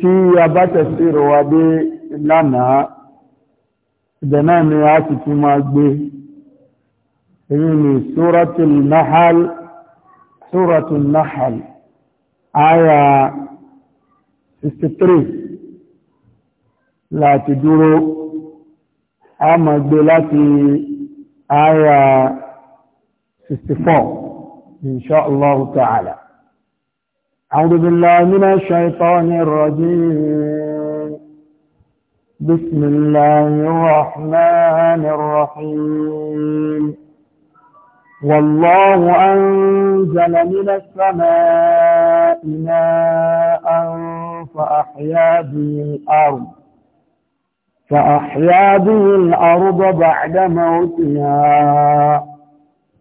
tí a bá tẹ̀sírò wa dé lánàá ìbẹ̀ náà ni a sì tún máa gbé èyí ni suratul nahal suratul nahal aya 63 láti dúró a máa gbé láti aya 64 insha Allah ta'ala أعوذ بالله من الشيطان الرجيم بسم الله الرحمن الرحيم والله أنزل من السماء ماء فأحيا به الأرض فأحيا به الأرض بعد موتها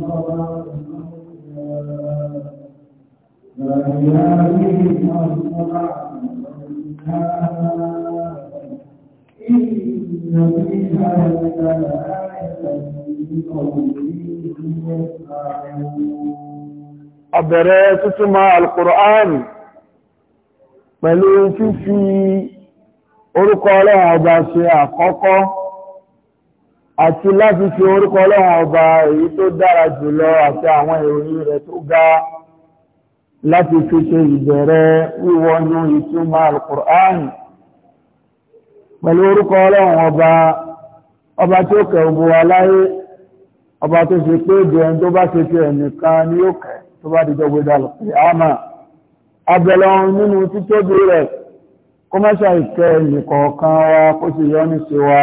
Àbẹ̀rẹ̀ tuntun ma Al-Qur'an pẹ̀lú fífi orúkọ ọlọ́run ọba ṣe àkọ́kọ́. àti láti fi orúkọ ọlọ́run ọba èyí tó dára jùlọ àti àwọn ìròyìn re tó ga láti fi ṣe ìbẹ̀rẹ̀ wíwọnú ìtumọ̀ alukur'an pẹ̀lú orúkọ ọlọ́run ọba ọba tí ó kẹ́ gbogbo wa ọba tó ṣe pé ìbẹ̀rẹ̀ tó bá ṣe ti ẹ̀nìkan ni ó kẹ́ tó bá dìjọ́ gbogbo alùpùpù àmà abẹ̀lọ́run nínú títóbi rẹ̀ kọ́mọ́ṣà ìkẹ́ ẹ̀nìkọ̀ọ̀kan wa kó sì ní ṣe wa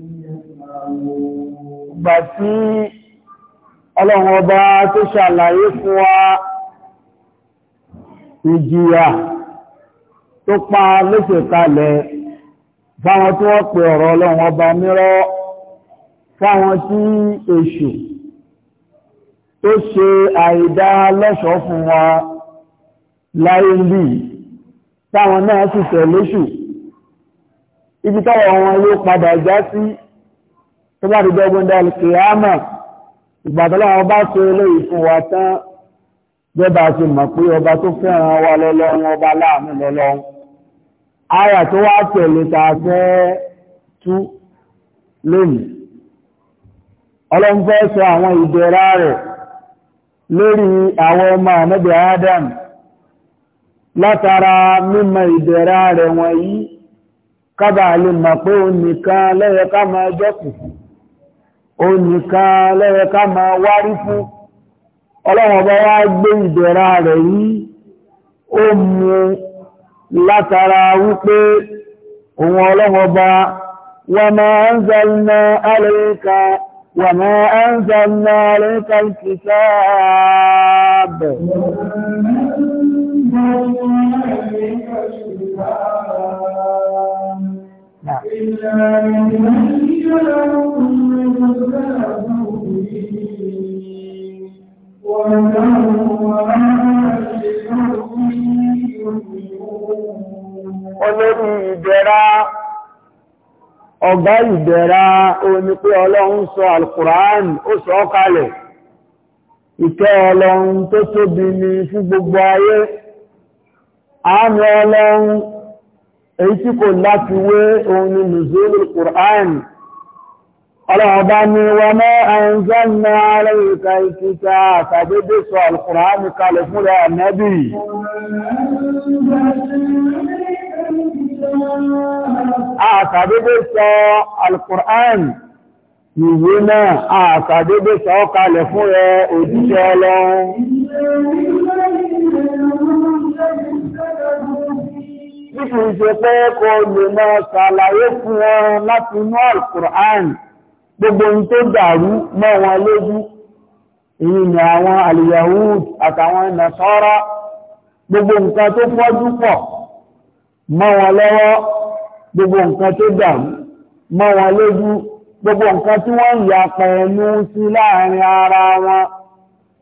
gbà tí ọlọ́run ọba tó ṣàlàyé fún wa ìjìyà tó pa léṣe kalẹ̀ fáwọn tí wọ́n pè ọ̀rọ̀ ọlọ́run ọba mírọ́ fáwọn tí èṣù tó ṣe àìdá lọ́ṣọ́ fún wa láyé lì táwọn náà sì tẹ̀léṣù ibi táwọn wọn yóò padà já sí tó bá rí dọ́gbọ́n dá kìámà ìgbàdọ́lá ọba tó eléyìí fún wa tán ọba tó fẹ́ràn wa lọ́lọ́run ọba láàmú lọ́lọ́run àyà tó wá tẹ̀lé ta fẹ́ tú lónìí sọ àwọn rẹ̀ lórí àwọn ọmọ Adam látara rẹ̀ wọ̀nyí kábàá lè mọ̀ pé òun nìkan lẹ́yẹ ká máa onìkan lẹ́yẹ ká máa wárí fún ọlọ́wọ́n wá gbé ìdẹ̀ra rẹ̀ yìí ó mú látara wípé òun ọlọ́wọ́n bá wa ma anzalna alayka wa ma Ìlànà ìlànà Olórí ìdẹ̀ra, ọ̀gá ìdẹ̀ra oní pé Ọlọ́run sọ Alkùrán, ó sọ ọ́kalẹ̀. Ìkẹ́ Ọlọ́run tó tóbi ni fún gbogbo ayé. Àánú Ọlọ́run, èyí tí kò láti wé òun ni Nùzúlù Kùránì ọlọ́ọ̀bá ni wọ́n mọ́ àìzọ́nà ààrẹ ìka ìkíta àtàdédé sọ alkùnránì kalẹ̀ fún rẹ̀ ànẹ́bì àtàdédé sọ alkùnránì ìwé náà àtàdédé sọ kalẹ̀ fún rẹ̀ òjíṣẹ́ ọlọ́run Bí pé kò lè máa ṣàlàyé fún wọn láti inú Al-Qur'an gbogbo ohun tó dàrú mọ́ wọn lójú èyí ni àwọn aliyahud àtàwọn nasara gbogbo nǹkan tó fọ́jú pọ̀ mọ́ wọn lọ́wọ́ gbogbo nǹkan tó dàrú mọ́ wọn lójú gbogbo nǹkan tí wọ́n yà pẹ̀lú sí láàrin ara wọn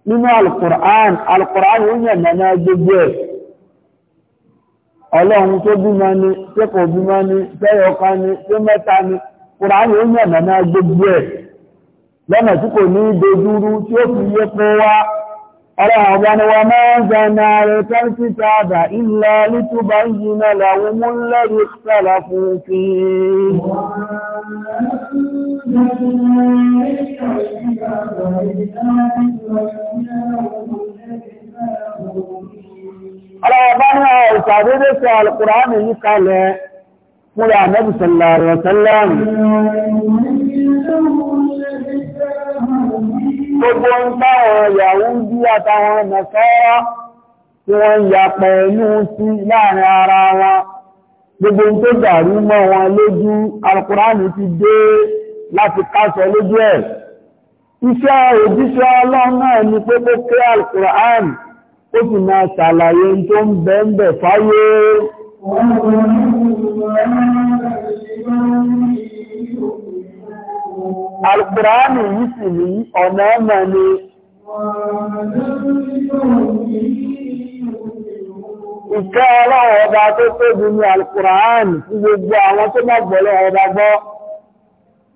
nínú alukur'an alukur'an ó yẹ̀ nana gbogbo ẹ̀ ọlọ́run tó bímọ ni tí kò bímọ ni tẹ́yọ̀kan ni tí mẹ́ta ni Kùránì ó yàn nàná gbogbo ẹ̀ lọ́nà tí kò ní dojúrú tí ó fi yé kó wá ọ̀rọ̀ ọ̀gbaniwa máa ń zana rẹ̀ tẹ́lifí sáàdà ilẹ̀ lítúbà yìí náà làwọn mú lẹ́rìí sára fún fi ọ̀rọ̀ ọ̀gbaniwa ìsàdédé fúra ànábì sallallahu alaihi wasallam gbogbo ń táwọn ìyàwó ń bí àtàwọn nàṣọ́rọ́ tí wọ́n ń ya pẹ̀lú sí láàrin ara wọn gbogbo ń tó dàrú mọ́ wọn lójú alukùránì ti dé láti káṣọ lójú ẹ̀ iṣẹ́ òjíṣẹ́ ọlọ́run ni pé kó kí alukùránì ó sì máa ṣàlàyé tó ń bẹ́ẹ̀ Alkùránì yìí sì ní ọ̀nà ọmọ ni. Ìkẹ́ ọlọ́wọ̀ ọba tó tóbi ní Alkùránì tí gbogbo àwọn tó máa gbọ́lọ́ ọba gbọ́.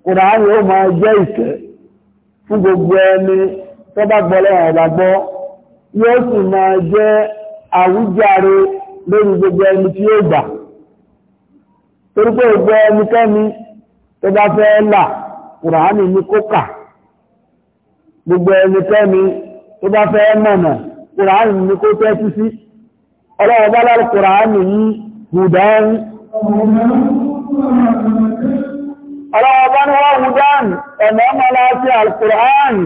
Kùránì ó máa jẹ́ ìkẹ́ fún gbogbo ẹni tó bá gbọ́lọ́ ọba gbọ́. Yóò sì máa jẹ́ àwújáre lórí gbogbo ẹni tí yóò gbà torí pé ògbọ́ ẹnikẹ́ni tó bá fẹ́ là kùránì ní kókà gbogbo ẹnikẹ́ni tó bá fẹ́ mọ̀nà kùránì ní kó tẹ́tí sí ọlọ́wọ́ bá lárí kùránì yìí hùdán ọlọ́wọ́ bá ní wọ́n hùdán ẹ̀nà ọmọ láti alkùránì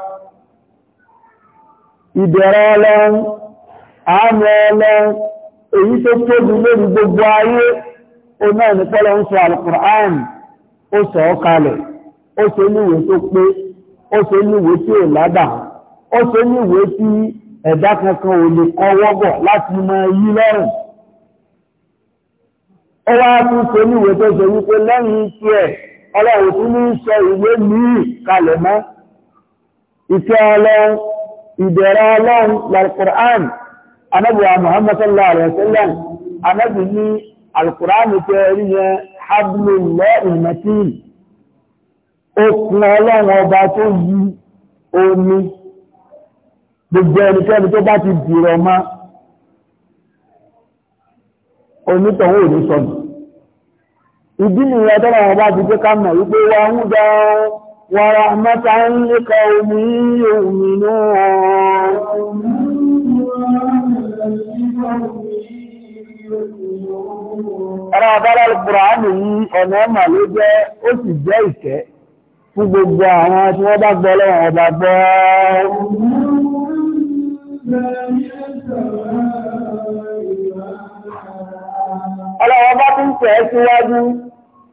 ìbẹ̀rẹ̀ ọlọ́run àmì ọlọ́run èyí tó tóbi lórí gbogbo ayé o náà ní pọ́lọ ń sọ alukur'an ó sọ ọ́ kalẹ̀ ó ṣe níwèé tó pé ó ṣe níwèé tí ò ládà ó ṣe níwèé tí ẹ̀dá kankan ò lè kọ́ wọ́bọ̀ láti mọ yí lọ́rùn ó wá tún ṣe níwèé tó ṣe wípé lẹ́yìn tí ẹ̀ ọlọ́run tún ní sọ ìwé míì kalẹ̀ mọ́ ìfẹ́ ọlọ́run ìbẹ̀rẹ̀ ọlọ́run lálùkùrán anábùwà muhammad sallallahu alaihi anábì ní alùkùrán tẹ rí yẹn hablullah ilmatin okùn ọlọ́run ọba tó yí omi gbogbo ẹnikẹ́ni tó bá ti dìrọ̀ ma onítọ̀wọ́ òní sọ̀nù ìdí nìyẹn ọba ti jẹ́ ká mọ̀ wípé wọ́n ń dáa ورحمة لقوم يؤمنون Ara àbára Al-Qur'ani yìí ọ̀nà ọmọ ló jẹ́, ó sì jẹ́ ìkẹ́ fún gbogbo àwọn tí wọ́n bá gbọ́ lọ́wọ́ ọba gbọ́. Ọlọ́wọ́ bá tún tẹ̀ síwájú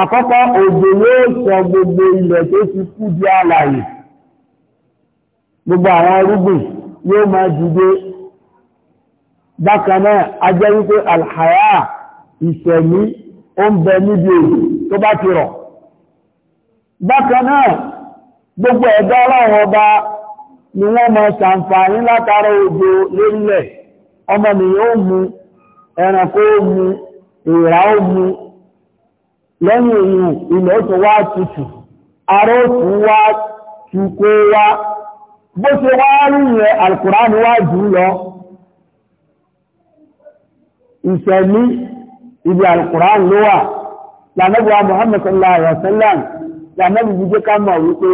Àkọ́kọ́ òjò yóò sọ gbogbo ilẹ̀ tó ti kú di alàyè. Gbogbo àwọn irúgbìn yóò máa dìde. Bákan náà, a jẹ́ wípé alhaya ìṣẹ̀mí ó ń bẹ níbi òjò tó bá ti rọ̀. Bákan náà, gbogbo ẹ̀dá ọlọ́run ọba ni wọ́n máa ṣàǹfààní látara òjò lórílẹ̀. Ọmọ nìyàn ó mu, ẹranko ó mu, èèrà ó mu, lẹ́yìn ìrù ilẹ̀ tó wá tutù ààrẹ tó wá tukó wá bó ṣe wá rí yẹn alkùránì wá jù lọ ìṣẹ̀lú ibi alkùránì ló wà lànàbíwá Muhammad sallallahu alaihi wasallam lànàbí jíjẹ́ ká mọ̀ wípé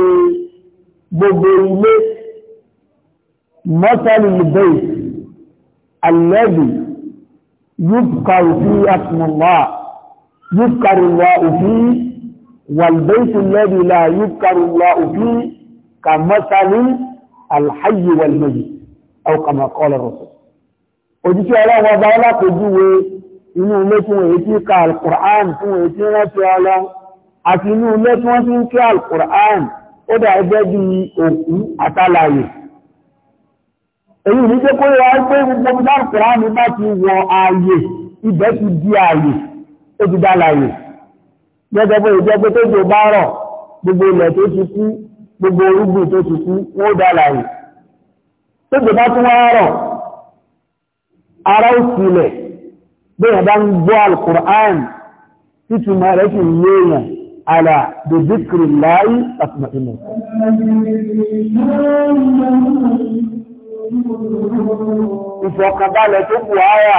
gbogbo ilé mọ́sálì lùbẹ́ alẹ́bì yóò kàrù sí àtìmọ̀lá يذكر الله فيه والبيت الذي لا يذكر الله فيه كمثل الحي والميت أو كما قال الرسول òjíṣẹ́ ọlọ́wọ́ ọba ọlápòjúwe inú ilé tí wọ́n èyí ka alkùrán tí wọ́n èyí tí rántí ọlọ́ àti inú ilé tí wọ́n ti ń kí alkùrán ó dà ẹgbẹ́ bí òkú àtàlàyé èyí ní pé kó yọ wáyé pé gbogbo alkùrán bá ti wọ ààyè ibẹ̀ ti di ààyè ó ti dá láàyè gẹ́gẹ́ bó ìjẹ́ pé tó jò bá rọ̀ gbogbo ilẹ̀ tó ti kú gbogbo orúgbìn tó ti kú wọ́n ó dá láàyè tó jò bá tún wá rọ̀ ara ó sílẹ̀ bí wọ́n bá ń gbọ́ alukur'an títúmọ̀ rẹ̀ sì ń léèyàn àlà dòdìkìrì láàyè àtìmọ̀tìmọ̀. ìfọ̀kànbalẹ̀ tó kù áyà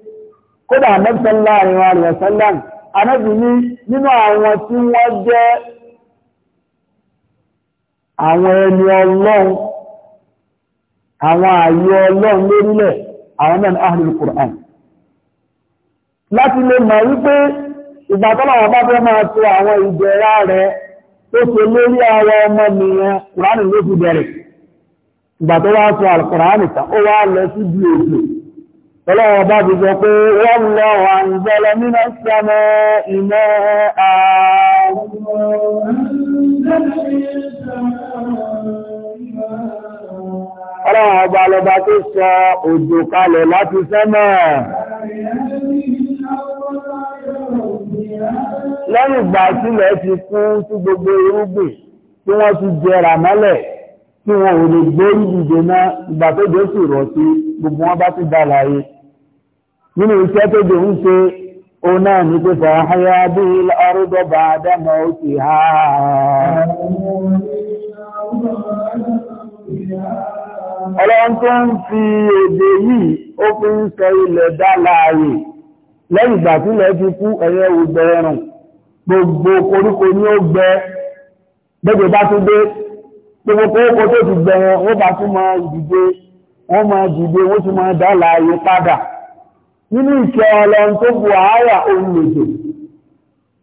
kódà anẹ́bùsọ́lá àríwá rẹ̀ sọ́lá anẹ́bù ní nínú àwọn tí wọ́n jẹ́ àwọn ẹni ọlọ́run àwọn ààyè ọlọ́run lórílẹ̀ àwọn mẹ́rin ahlul Qur'an láti lè mọ̀ wípé ìgbàtọ́lọ̀wọ̀ bá fẹ́ máa tó àwọn ìjẹ̀rá ọlọ́wọ́ bá ti sọ pé wọ́n lọ àǹzẹ́lẹ̀ nínú sẹ́mọ́ ìmọ̀ ọlọ́wọ́ ọba lọba tó sọ òjò kalẹ̀ láti sẹ́mọ́ lẹ́yìn ìgbà sílẹ̀ ti kún sí gbogbo irúgbìn tí wọ́n ti jẹrà mọ́lẹ̀ tí wọn ò lè gbé ìdènà ìgbà tó jẹ́ sì rọ̀ sí gbogbo wọn bá ti dá láyé nínú iṣẹ́ tó dùn ń ṣe ó náà ní pé fàáháyá bí ọrúdọ̀ bá dámọ̀ ó ti ha ọlọ́run tó ń fi èdè yìí ó fi ń sọ ilẹ̀ dá láàyè lẹ́yìn ìgbà tí ilẹ̀ ti kú ẹ̀yẹ ògbẹ̀ ẹ̀rùn gbogbo koríko ní ó gbẹ gbẹ́gbẹ́ bá tún dé gbogbo koríko tó ti gbẹ wọn ó bá tún máa dìde wọ́n máa dìde wọ́n tún máa dá láàyè padà nínú ìkẹ́ ọlọ́run tó bu àárà ohun lòdò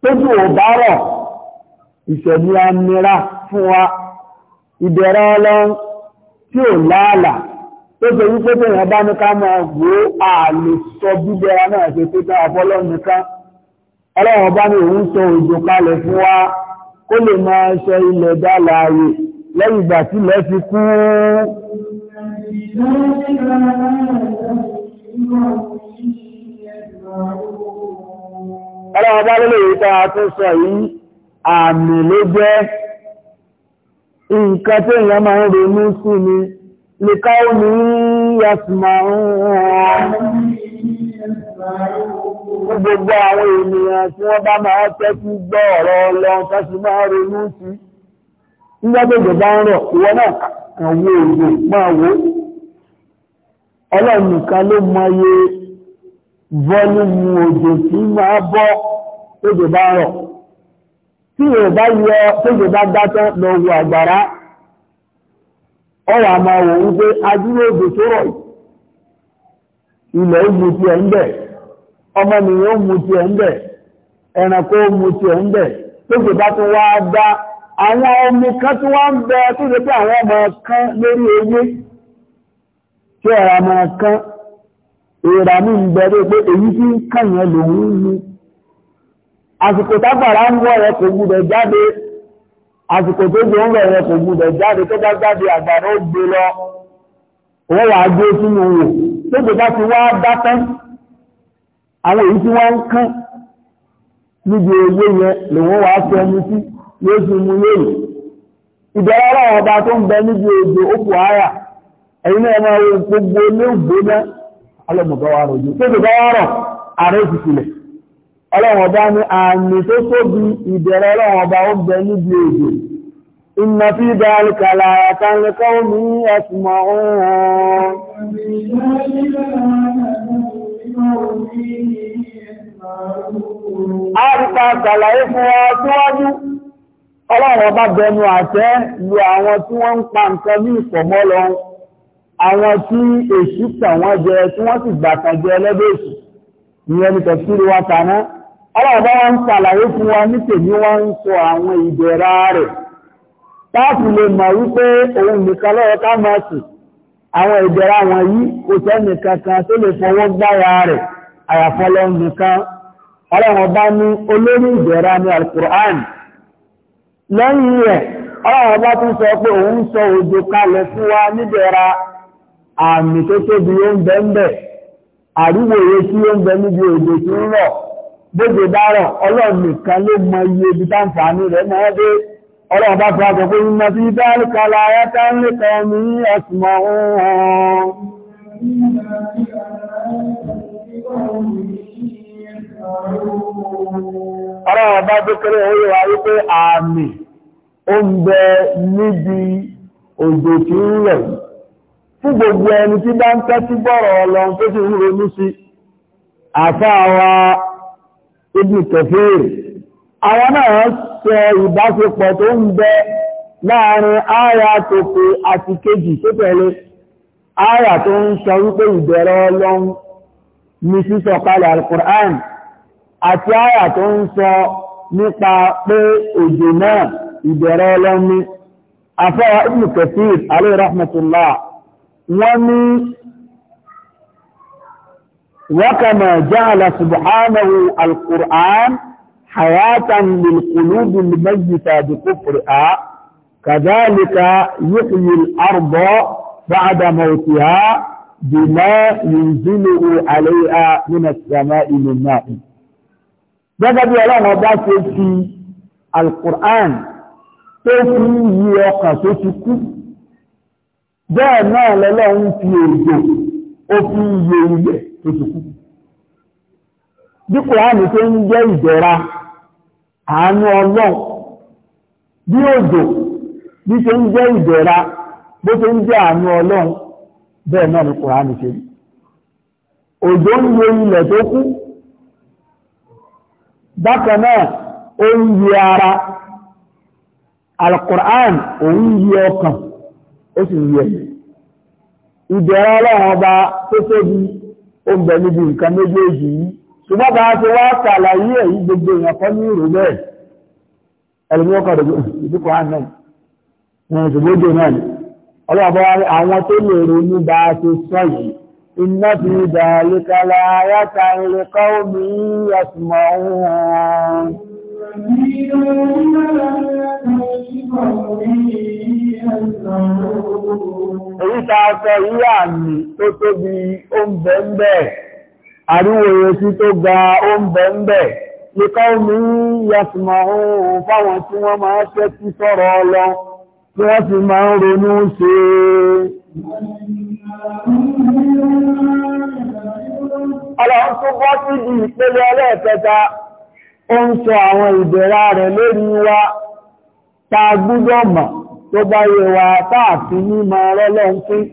tó bù ò bá rọ̀ ìṣẹ̀lú amira fún wa ìbẹ̀rẹ̀ ọlọ́run tí ò láàlà tó ṣe wípé tèèyàn bá ní ká máa wò ó àlè sọ bíbẹ̀rẹ̀ náà ṣe tó dá ọpọlọ́ nìkan ọlọ́run bá ní òun sọ òjò kalẹ̀ fún wa kó lè máa ṣe ilẹ̀ dá láàyè lẹ́yìn ìgbà tí ilẹ̀ fi kú. Thank ọlọ́wọ́ bá ìta tó sọ yìí àmì ló jẹ́ nǹkan tí èèyàn máa ń ronú sí ni lè káwọ́ ní yasma gbogbo àwọn ènìyàn tí wọ́n bá máa kí gbọ́ ọ̀rọ̀ ọlọ́run tẹ́sí máa sí ń rọ̀ máa vọ́lùmù òjò tí máa bọ́ tójò bá rọ̀. Tí ò bá yọ tójò bá dátán lọ wo àgbàrá, ọwà máa wò wípé adúró òjò tó rọ̀ ilẹ̀ ó ti ẹ̀ ń bẹ̀, ọmọnìyàn ó ti ẹ̀ ń bẹ̀, ẹranko ó ti ẹ̀ ń bẹ̀, bá wá èèrà mi ń bẹ̀rẹ̀ pé èyí tí ń kàyàn lòun ní àsìkò tágbàrá ń wọ́ rẹ̀ kò gbúdọ̀ jáde àsìkò tó jẹ́ ń wọ̀ rẹ̀ kò gbúdọ̀ jáde tó bá jáde àgbàrá ó gbé lọ wọ́n gbé sínú wò ti wá dákẹ́ àwọn èyí tí wọ́n ń kán níbi yẹn lòun fi sí yóò mú lóyè ìbẹ̀rẹ̀ ọlọ́mọ̀báwà rọ̀jù tó gbogbo ọ̀rọ̀ ààrẹ òfìsìlẹ̀ ọlọ́wọ̀bá ní àmì tó tóbi ìbẹ̀rẹ̀ ọlọ́wọ̀bá ó bẹ níbi èdè iná fi dáríkàlà àtàlẹ́kọ́ omi ẹ̀sùnmọ̀ ohun àríkà sàlàyé fún ọ síwájú ọlọ́wọ̀bá bẹnu àwọn tí èṣù tàn wọ́n jẹ tí wọ́n sì gbàtàn jẹ ẹlẹ́gbẹ́ èṣù ìyẹn ni tẹ̀síri wa tàná wọn ń ṣàlàyé fún wa ní tèmi wọ́n ń sọ àwọn ìdẹ̀ra rẹ̀ táàfù lè mọ̀ wípé òun nìkan lọ́wọ́ ká máa sì àwọn wọn yí kò kankan tó lè fọwọ́ gbára rẹ̀ àyàfọ́lọ́ nìkan ní sọ pé òun sọ òjò kalẹ̀ fún wa àmì tó tóbi ó ń bẹ ń bẹ àríwòye tí ó ń bẹ níbi òjò tí ń rọ̀ bóde dárọ̀ ọlọ́run ló mọ iye ibi táǹfààní rẹ̀ mọ́ dé ọlọ́ọ̀bá fún tí ní bá ń tí ń fún gbogbo ẹni tí bá ń tẹ́tí gbọ́rọ̀ ọlọ́run tó sì ń ronú sí àfáàwà ibi kẹfẹ́rẹ̀ àwọn náà sọ ìbáṣepọ̀ tó ń bẹ láàrin àyà tòkè àti kejì tó tẹ̀lé àyà tó ń sọ wípé ìbẹ̀rẹ̀ ọlọ́run ní sísọ̀kalẹ̀ alukur'an àti àyà tó ń sọ nípa pé òjò náà ìbẹ̀rẹ̀ ọlọ́run ní àfáàwà ibi kẹfẹ́rẹ̀ alayhi rahmatullah wani وكما جعل سبحانه القرآن حياة للقلوب الميتة بكفرها كذلك يحيي الأرض بعد موتها بما ينزله عليها من السماء من نائم بقد يلانا بس في القرآن تفي يقصتكم bẹ́ẹ̀ náà lọ́lọ́ ń fi èdè ó fi iye ilẹ̀ tó ti kú bí kòránì tó ń jẹ́ ìdẹ̀ra àánú ọlọ́run bí òjò bí tó ń jẹ́ ìdẹ̀ra bó tó ń jẹ́ àánú ọlọ́run bẹ́ẹ̀ náà ni kòránì ṣe rí òjò ń yẹ ilẹ̀ tó kú ó sì yẹ ìbẹ̀rẹ̀ ọlọ́run ọba tó tóbi ó ń bẹ níbi nǹkan méjèèjì yìí ṣùgbọ́n bá a ti wá ṣàlàyé yìí gbogbo èèyàn kan ní ìrò bẹ́ẹ̀ ẹlòmí ọkọ̀ rẹ̀ ìdíkọ̀ àná wọn ìṣòro òjò náà ni ọlọ́run ọba àwọn tó lè ronú bá a ti sọ yìí omi ẹ̀sùnmọ̀ Èyíta ọkọ̀ yí àmì tó tóbi ó ń bẹ ń sí tó ga ó ń bẹ nìkan omi yàtùmọ̀ ohun fáwọn tí wọ́n máa ṣẹ́ tí ọlọ, tí wọ́n ti máa ń ronú ṣe. Ọlọ́run tó bọ́ sí ìpele ó ń àwọn rẹ̀ tó bá yẹ wa táàfi ní ma rọ́lọ́n pín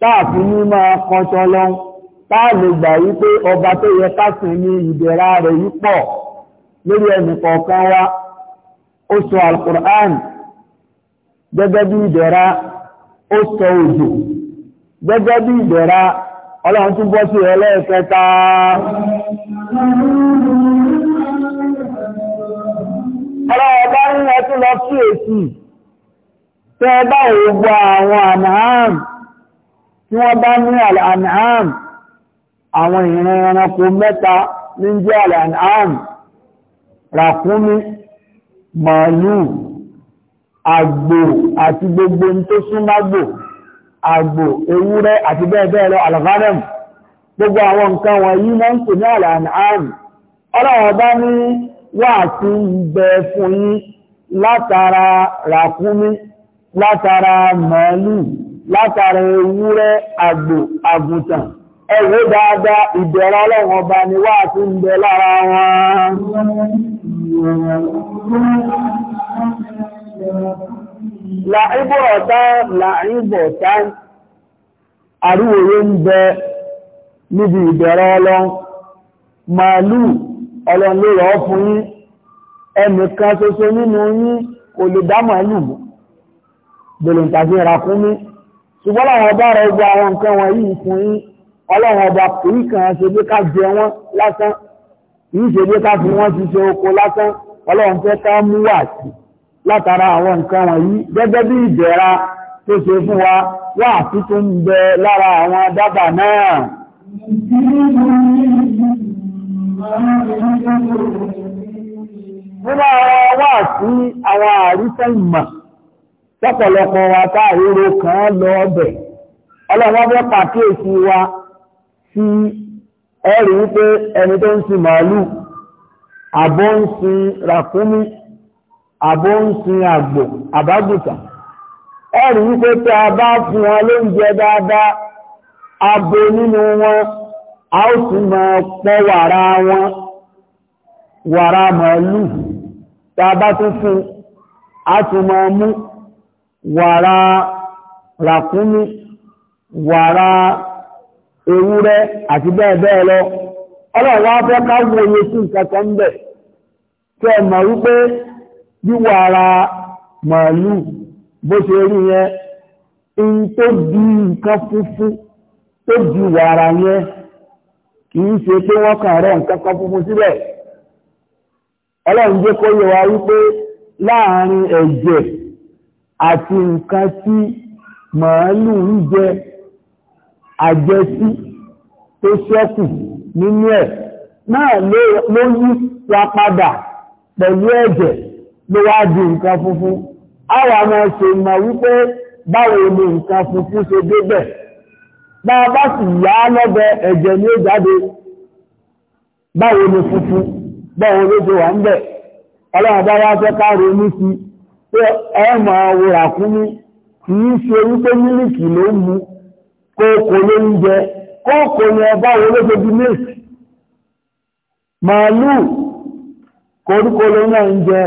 táàfi ní ma kọjọ lọ táà lè gbà wípé ọba tó yẹ kásìn ní ìdẹ̀ra rẹ̀ yí pọ̀ lórí ẹnìkọ̀ọ̀kan wa ó sọ alukur'an gẹ́gẹ́ bí ìdẹ̀ra ó sọ òjò gẹ́gẹ́ bí ìdẹ̀ra ọlọ́run tún bọ́ sí ẹlẹ́ẹ̀kẹta ọlọ́run bá ń rẹ̀ tún lọ sí èsì tẹ́ ẹ bá ògbò àwọn an'am tí wọ́n bá ní al'an'am àwọn ìran ẹranko mẹ́ta ní jẹ́ al'an'am ràkúnmí màálù àgbò àti gbogbo tó súnmágbò àgbò ewúrẹ́ àti bẹ́ẹ̀bẹ́ẹ̀ lọ alavarem gbogbo àwọn nǹkan wọ̀nyí náà ń pè ní al'an'am ọlọ́wọ́ bá ní wà tí ń bẹ fún látara látara màálù látara ewúrẹ́ àgbò àgùntàn ẹ̀wọ́ dáadáa ìbẹ̀rẹ̀ ọlọ́run ọba ní wà tí ń bẹ lára wọn ń níbi ìbẹ̀rẹ̀ màálù ọlọ́run màálù gbèlùn tàbí ra fún mi ṣùgbọ́n láwọn ọba rẹ̀ gba àwọn nǹkan wọn yìí fún yín ọlọ́run ọba kò yí kàn án ṣe bí ká jẹ wọ́n lásán kì í ṣe bí ká fi wọ́n ṣiṣẹ́ oko lásán ọlọ́run fẹ́ ká mú wà sí látara àwọn nǹkan wọ̀nyí gẹ́gẹ́ bí ìdẹ̀ra tó ṣe fún wa wà tuntun ń bẹ lára àwọn dábàá náà. nínú àwọn wà àwọn àrísẹ́ ìmọ̀ tọ́pọ̀lọpọ̀ wa tá ìrò kan lọ ọbẹ̀ ọlọ́wọ́ fẹ́ pàkíyèsí wa sí ẹ̀rí wípé ẹni tó ń sin màálù àbó ń sin ràkúnmí àbó ń sin àgbò àbágùtà ẹ̀rí wípé tí a bá fún wọn lóúnjẹ dáadáa abo nínú wọn a ó sì máa pọ́ wàrà wọn wàrà màálù tá a bá tún fún a tún máa mú wàrà ràkúnmí wàrà ewúrẹ́ àti bẹ́ẹ̀ bẹ́ẹ̀ lọ ọlọ́wọ́ afẹ́ ká wo oye sí ìkẹta ń bẹ̀ kí ẹ mọ̀ wípé bí wàrà màálù bó ṣe rí yẹn in tó di nǹkan funfun tó di wàrà yẹn kì í ṣe pé wọ́n kàn rẹ̀ nǹkan kan funfun síbẹ̀ ọlọ́run jẹ́ kó yẹ wa àti nǹkan tí màálù ń jẹ àjẹsí tó ṣẹ́kù nínú ẹ̀ náà ló yí wa padà pẹ̀lú ẹ̀jẹ̀ ló wá di nǹkan funfun àwa máa ṣe mọ̀ wípé báwo ni nǹkan funfun ṣe débẹ̀ bá a bá sì yá lọ́bẹ̀ ẹ̀jẹ̀ ó jáde báwo ni funfun báwo ló ṣe wà ń pé ẹ máa wo ràkúnmí kì í ṣe wípé mílìkì ló ń kókò ló ń jẹ kókò yẹn ló ṣe di mílìkì màálù koríko ló náà ń jẹ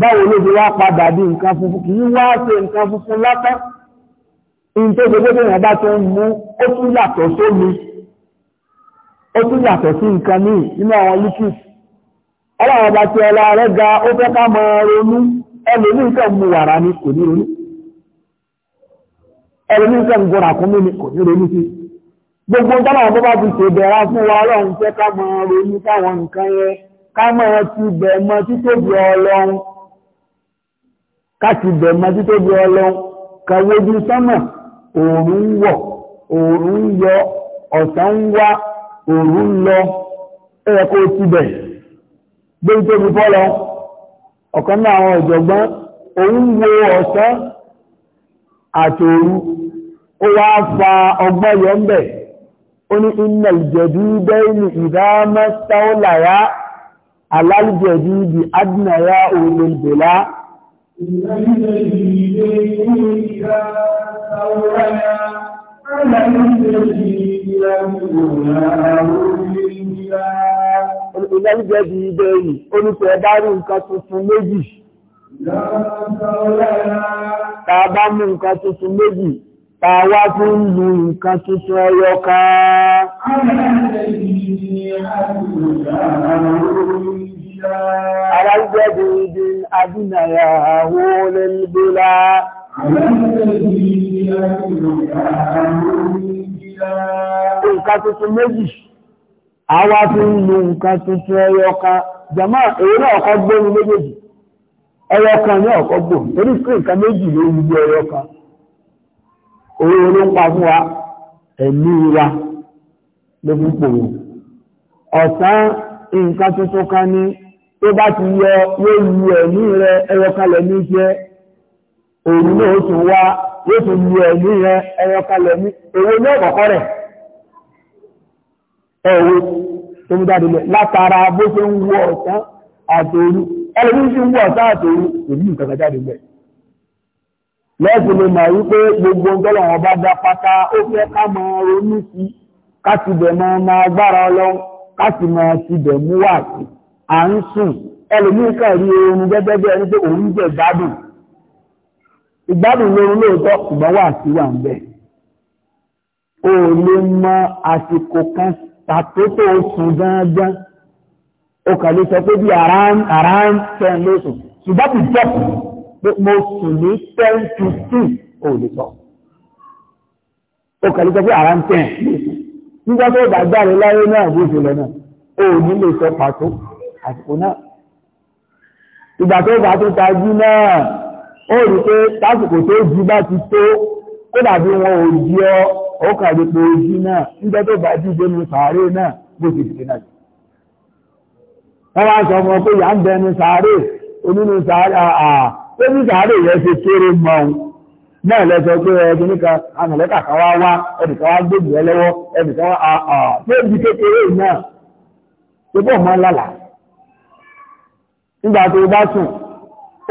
báwo ló ṣe wá padà bí nǹkan funfun kì í wá ṣe nǹkan funfun gbogbo tó ń mú ó tún sómi ó tún ga ó ká máa ẹlòmí nǹkan mú wàrà ni kò ní ronú ẹlòmí nǹkan gbọ́ra kún mí ni kò ní ronú sí gbogbo nǹkan àwọn tó bá ti ṣe bẹ̀rẹ̀ fún wa ọlọ́run fẹ́ ká máa ronú káwọn nǹkan yẹn ká máa ti bẹ̀ mọ títóbi ọlọ́run ká ti bẹ̀ mọ títóbi ọlọ́run ká wojú sánmà òòrùn ń wọ̀ òòrùn ń yọ ọ̀sán ń wá òòrùn ń lọ ẹ̀yẹ kó ti bẹ̀ gbé títóbi fọ́lọ́run ọ̀kan náà àwọn ọ̀jọ̀gbọ́n òun wo ọ̀sán àtòru ó wá fa ọgbọ́n yọ ń bẹ̀ ó ní iná ìjẹ̀dú bẹ́ẹ̀ni ìdámẹ́sáólàyá alájẹ̀dú di adìnàyá olóògbèlá Thank you ìlẹ́gbẹ̀ẹ́bì ìbẹ̀rù olùkọ́ ẹ̀dárù nǹkan tuntun méjì tàbá mú nǹkan tuntun méjì tàwá tó ń lu nǹkan tuntun ẹyọ kan Àwọn ìjẹ́bì ìdí àdínàyà àwọn olóòlébélá. Nǹkan tuntun méjì. àwa fi ń lu nǹkan tuntun ẹyọkan jàmá èyí náà ọkọ gbóni méjèèjì ẹyọkan ní ọkọ gbò torí pé nǹkan méjì ló ń gbé ẹyọkan owó ló ń pa fún wa wa ló fi ń ọ̀sán nǹkan tuntun kan ní tó bá ti yọ yóò lu ẹ̀mí rẹ ẹ̀wọ́ tó mú jáde lẹ̀ látara bó ṣe ń wọ ọ̀sán àtòru ẹlẹ́bí ṣe ń wọ ọ̀sán àtòru kò nǹkan kan jáde lẹ̀ lẹ́sìn lè mọ̀ wípé gbogbo ọgọ́lọ̀ wọn bá pátá ó fẹ́ ká mọ ronú sí ká ti bẹ̀ mọ ọmọ agbára ọlọ́run ká sì mọ ti bẹ̀ mú wà sí à ń sùn kan rí oorun gẹ́gẹ́ kan pàtó tó sùn gángan ó kàn lè sọ pé bí ara ń tẹ́ ló sùn ṣùgbọ́n ti jọ́ pé mo sùn ní ten to two ò lè sọ ó kàn lè sọ pé ara ń tẹ́ ló sùn nígbà tó dàgbà rẹ láyé náà bó ṣe lọ náà ó ní lè sọ pàtó àsìkò náà ìgbà tó bá tó tajú náà ó rí pé tásìkò tó jí bá ti tó kó dàbí wọn ò jí ọ ó kàrí pé ojú náà nígbà tó bá jíjẹ ní sàárè náà bó ti fi náà wọ́n wá sọ fún ọ pé yà ń bẹnu sàárè onínú sàárè àà ó ní sàárè yẹn ṣe kéré mọ́ náà lẹ́sọ pé ẹgbẹ́ níka àmọ̀lẹ́kà kan wá wá ẹnìkan wá gbé ìwẹ́ lọ́wọ́ ẹnìkan wá àà tó di kékeré náà tó bọ̀ mọ́ lálàá nígbà tó bá sùn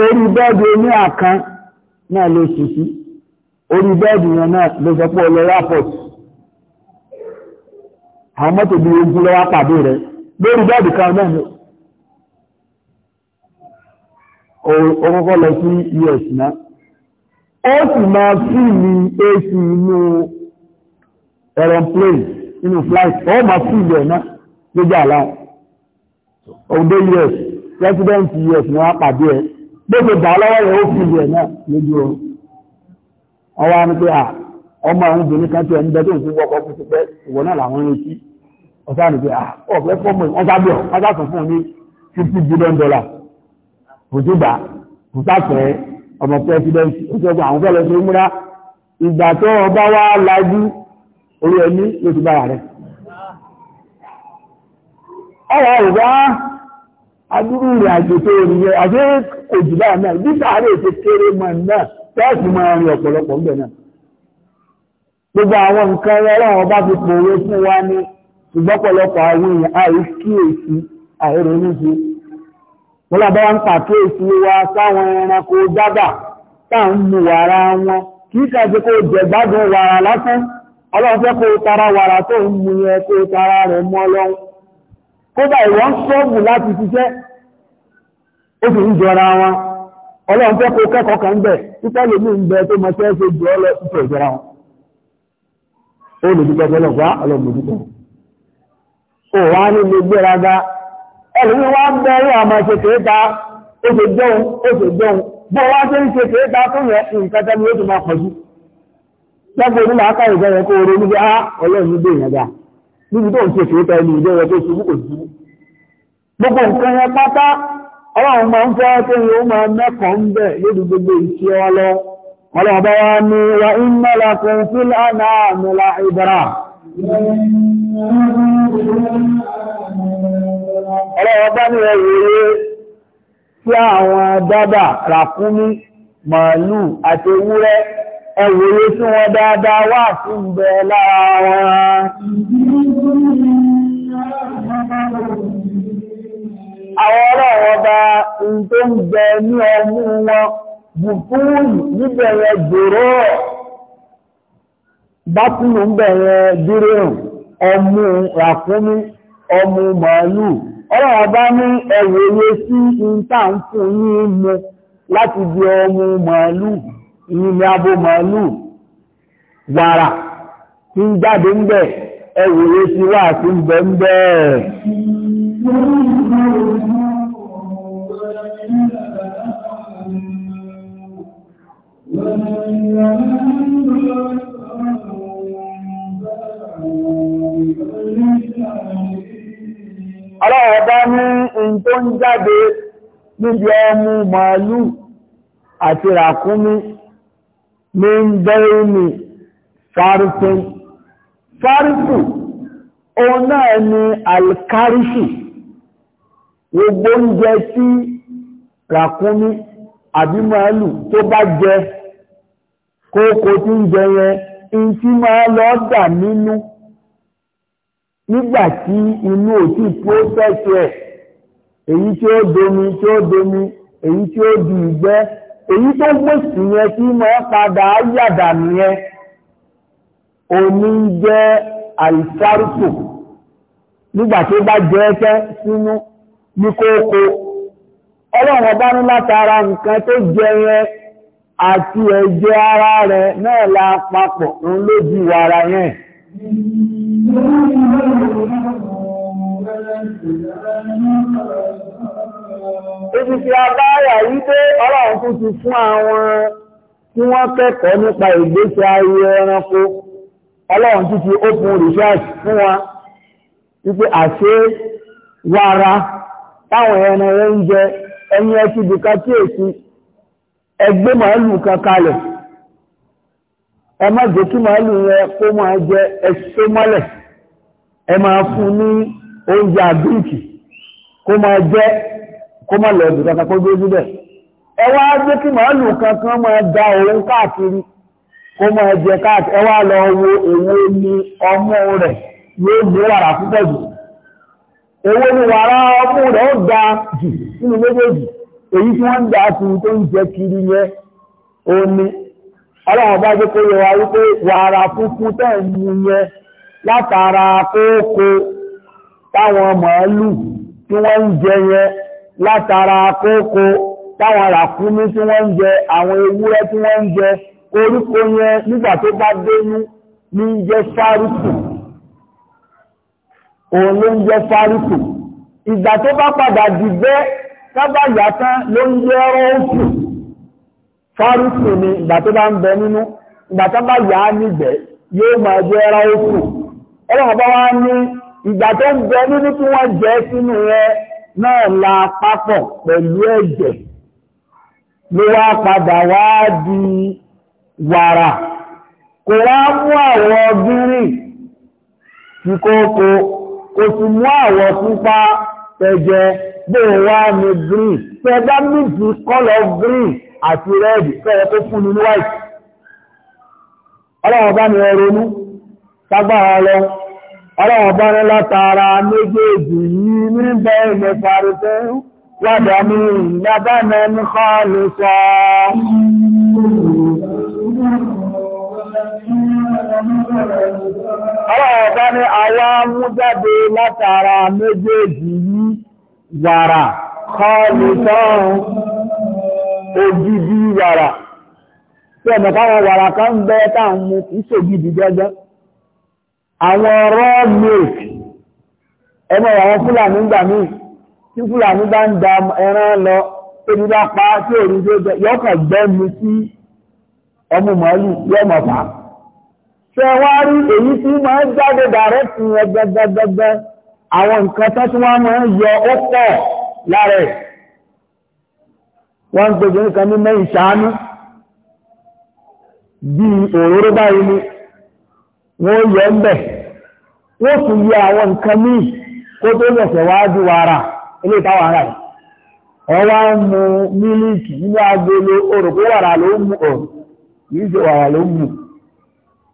orí bẹ́ẹ̀dì oní àkán náà ló sùn sí orí bẹ́ẹ̀dì yẹn náà ló sọ pé ọlọ́rọ̀ airport àwọn mọ́tò bí ojú lọ́wọ́ pàdé rẹ̀ lórí bẹ́ẹ̀dì kan náà ni ó kọ́kọ́ lọ sí us náà ó sì máa sí ní ac inú aeroplane inú flight ó máa sí ilẹ̀ náà lójú àlá òǹdé us president us ni wọ́n pàdé ẹ̀ gbogbo dà rẹ̀ ó fi ilẹ̀ náà lójú ọ̀run ọwọ́ á ní pé ọmọ àwọn obìnrin kan tí ẹni bẹ tó ń fún wọ́pọ̀ fún ti pẹ́ ìwọ náà làwọn retí ọ̀sá ní pé ọ̀fẹ́ fọ́mọ̀ wọn bá bẹ̀ ọ́ sàtọ̀ fún ní fifty billion dollar kò tó gbà kò sàfẹ́ ọmọ president ó sọ pé àwọn fẹ́ lọ sí múra ìgbà tó ọba wa lajú orí ẹni ló ti bára rẹ̀ ọ̀rọ̀ ìgbà adúrú ìrìn àjò tó rìn yẹn àti kò jù bára náà bí sàárè ti kéré mọ́ náà tọ́ọ̀sì máa rí ọ̀pọ̀lọpọ̀ ń bẹ̀ gbogbo àwọn nǹkan ọlọ́run bá fi pòwe fún wa ní ṣùgbọ́pọ̀lọpọ̀ àwọn èèyàn àìkíyèsí àìróníṣe wọ́n ń pàkíyèsí wa sáwọn ẹranko dábà taa ń mu wọn kì í kó wàrà tara wàrà tó ń mu tara rẹ̀ mọ́ kódà ń láti ṣiṣẹ́ ó ń kan títà lè ní ìgbẹ́ tó mọ tẹ́ ṣe jù ọ lọ sí ìjọra wọn ó lè dúpẹ́ tẹ́lẹ̀ wá ọlọ́mọdúpẹ́ ó wá ní ilé gbéraga ẹlòmí wá ń bẹ́ yóò àmọ́ ṣe kéèta ó ṣe jẹun ó ṣe jẹun bó wá ṣe ń ṣe kéèta tó yẹ nǹkan tẹ́lẹ̀ ó ti máa pọ̀jù lọ́gbọ̀n onílà áká ìjọ yẹn kó oore níbi á ọlọ́run dé ìyẹn dá níbi tó ń ṣe kéèta ẹni ìjọ yẹn tó ṣubú kò ṣubú gbogbo nǹkan yẹn pátá ọlọ́run máa ń fẹ́ tó yíò máa mẹ́kàn ń bẹ̀ lórí gbogbo ìṣẹ́ ọlọ́ọ̀bá wa ní wa fún fílànà àmìlà ìbára ọlọ́ọ̀bá ní àwọn ràkúnmí màálù àti ewúrẹ́ dáadáa wà àwọn ọlọ́run ọba tó ń bẹ ní ọmú wọn bùkúrì níbẹ̀ yẹn gbòòrò bátìmù ń bẹ̀ yẹn dúró ọmú ràkúnmí ọmú ọba ní ẹ̀wòye sí ìntàǹfù yín mu láti di ọmú màálù n'ime ni màálù wàrà tí ń jáde ń bẹ̀ ẹ̀wòye sí wà Ọlọ́run bá ní in tó ń jáde níbi ọmú màálù àti ràkúnmí ní ń bẹ́rẹ̀ ní fárífẹ́. Fárífù, òun náà ni alkarishi gbogbo oúnjẹ tí ràkúnmí àbí màálù tó bá jẹ kókó tí ń jẹ yẹn in tí máa lọ dà nínú nígbà tí inú ò tí prósẹ̀sì ẹ̀ èyí tí ó domi tí ó domi èyí tí ó di ìgbẹ́ èyí tó gbèsè yẹn tí máa padà yàdà nìyẹn òní jẹ́ àìsárùkù nígbà tó bá jẹ́ ẹ́kẹ́ sínú. Si ní kóókó ọlọ́run bá ní látara nǹkan tó jẹ àti ẹ̀jẹ̀ ara rẹ̀ náà la papọ̀ ń lójú ara yẹn Ebi fi abáyà yí pé ọlọ́run tún ti fún àwọn tí wọ́n kẹ́kọ̀ọ́ nípa ìgbésí ayé ẹranko. Ọlọ́run tún ti open research fún wa wípé àṣẹ wára táwọn ẹran rẹ̀ ń jẹ ẹni ẹtí bùkà tí èsì ẹgbẹ́ màálù kan ẹ má jẹ́ kí màálù kó jẹ ẹsẹ́ mọ́lẹ̀ ẹ máa fún ní oúnjẹ àbíkì kó ma kó ma lọ ẹ̀bùn kankan kó gbé síbẹ̀ ẹ jẹ́ kí màálù kankan ka da òun káàkiri kó máa jẹ owó ní wàrà ọmú rẹ̀ ó ga jù nínú méjèèjì èyí tí wọ́n ń dà sí tó ń jẹ kiri yẹn ó ní ọlọ́run bá jẹ́ kó yẹ wa wípé wàrà funfun tẹ́ ń mu yẹn látara kókó táwọn màálù tí wọ́n ń jẹ yẹn látara kókó táwọn tí wọ́n ń jẹ àwọn ewúrẹ́ tí wọ́n ń òun ló ń jẹ́ fáríkù ìgbà tó bá padà dìgbẹ́ sábàyà tán ló ń jẹ́ ọ́ọ̀fù fáríkù ni ìgbà tó bá ń bẹ nínú ìgbà tó bá yà á yóò máa jẹ́ ọ́ọ̀fù ọlọ́run wá ní ìgbà tó ń bẹ nínú tí wọ́n jẹ́ sínú rẹ náà kò sì mú àwọ̀ pupa tẹ̀jẹ̀ bóun wá ní green tẹ bá mìtì kọ́lọ̀ green àti red fẹ́rẹ̀ tó fún ní white ọlọ́wọ̀n bá ní ẹronú tágbára lọ ọlọ́wọ̀n bá ní látara méjèèjì yìí ní bẹ́ẹ̀ ní parisẹ́ wádàá ní ìyábánẹ́ ní kọ́ lè sọ Ọlọ́ọ̀bá ní àwa mú jáde látara méjèèjì yí wàrà kọlù tọ́run ògidì wàrà. Tí ọ̀nà káwọn wàrà kan ń bẹ táà mú ìṣògidì gẹ́gẹ́. Àwọn raw milk, ẹmọ àwọn Fúlàní ń gbà tí Fúlàní bá ń da ẹran lọ, tó ní bá pa tẹ wá rí èyí tí máa ń jáde dàrẹ́tì yẹn gbẹgbẹgbẹgbẹ àwọn nǹkan tó tí wọ́n máa ń yọ ó pọ̀ lára ẹ̀ wọ́n ń gbèjì nǹkan ní mẹ́yìn ṣáánú bí òróró báyìí ni wọ́n yọ ń bẹ̀ wọ́n tún yọ àwọn nǹkan míì kó tó lẹ̀sẹ̀ wá ju wàrà ilé ìtawà ara rẹ̀ ọwá ń mu mílíìkì nínú agolo òròkó wàrà ló ń mu ọ̀ kìí ṣe wàrà ló ń mu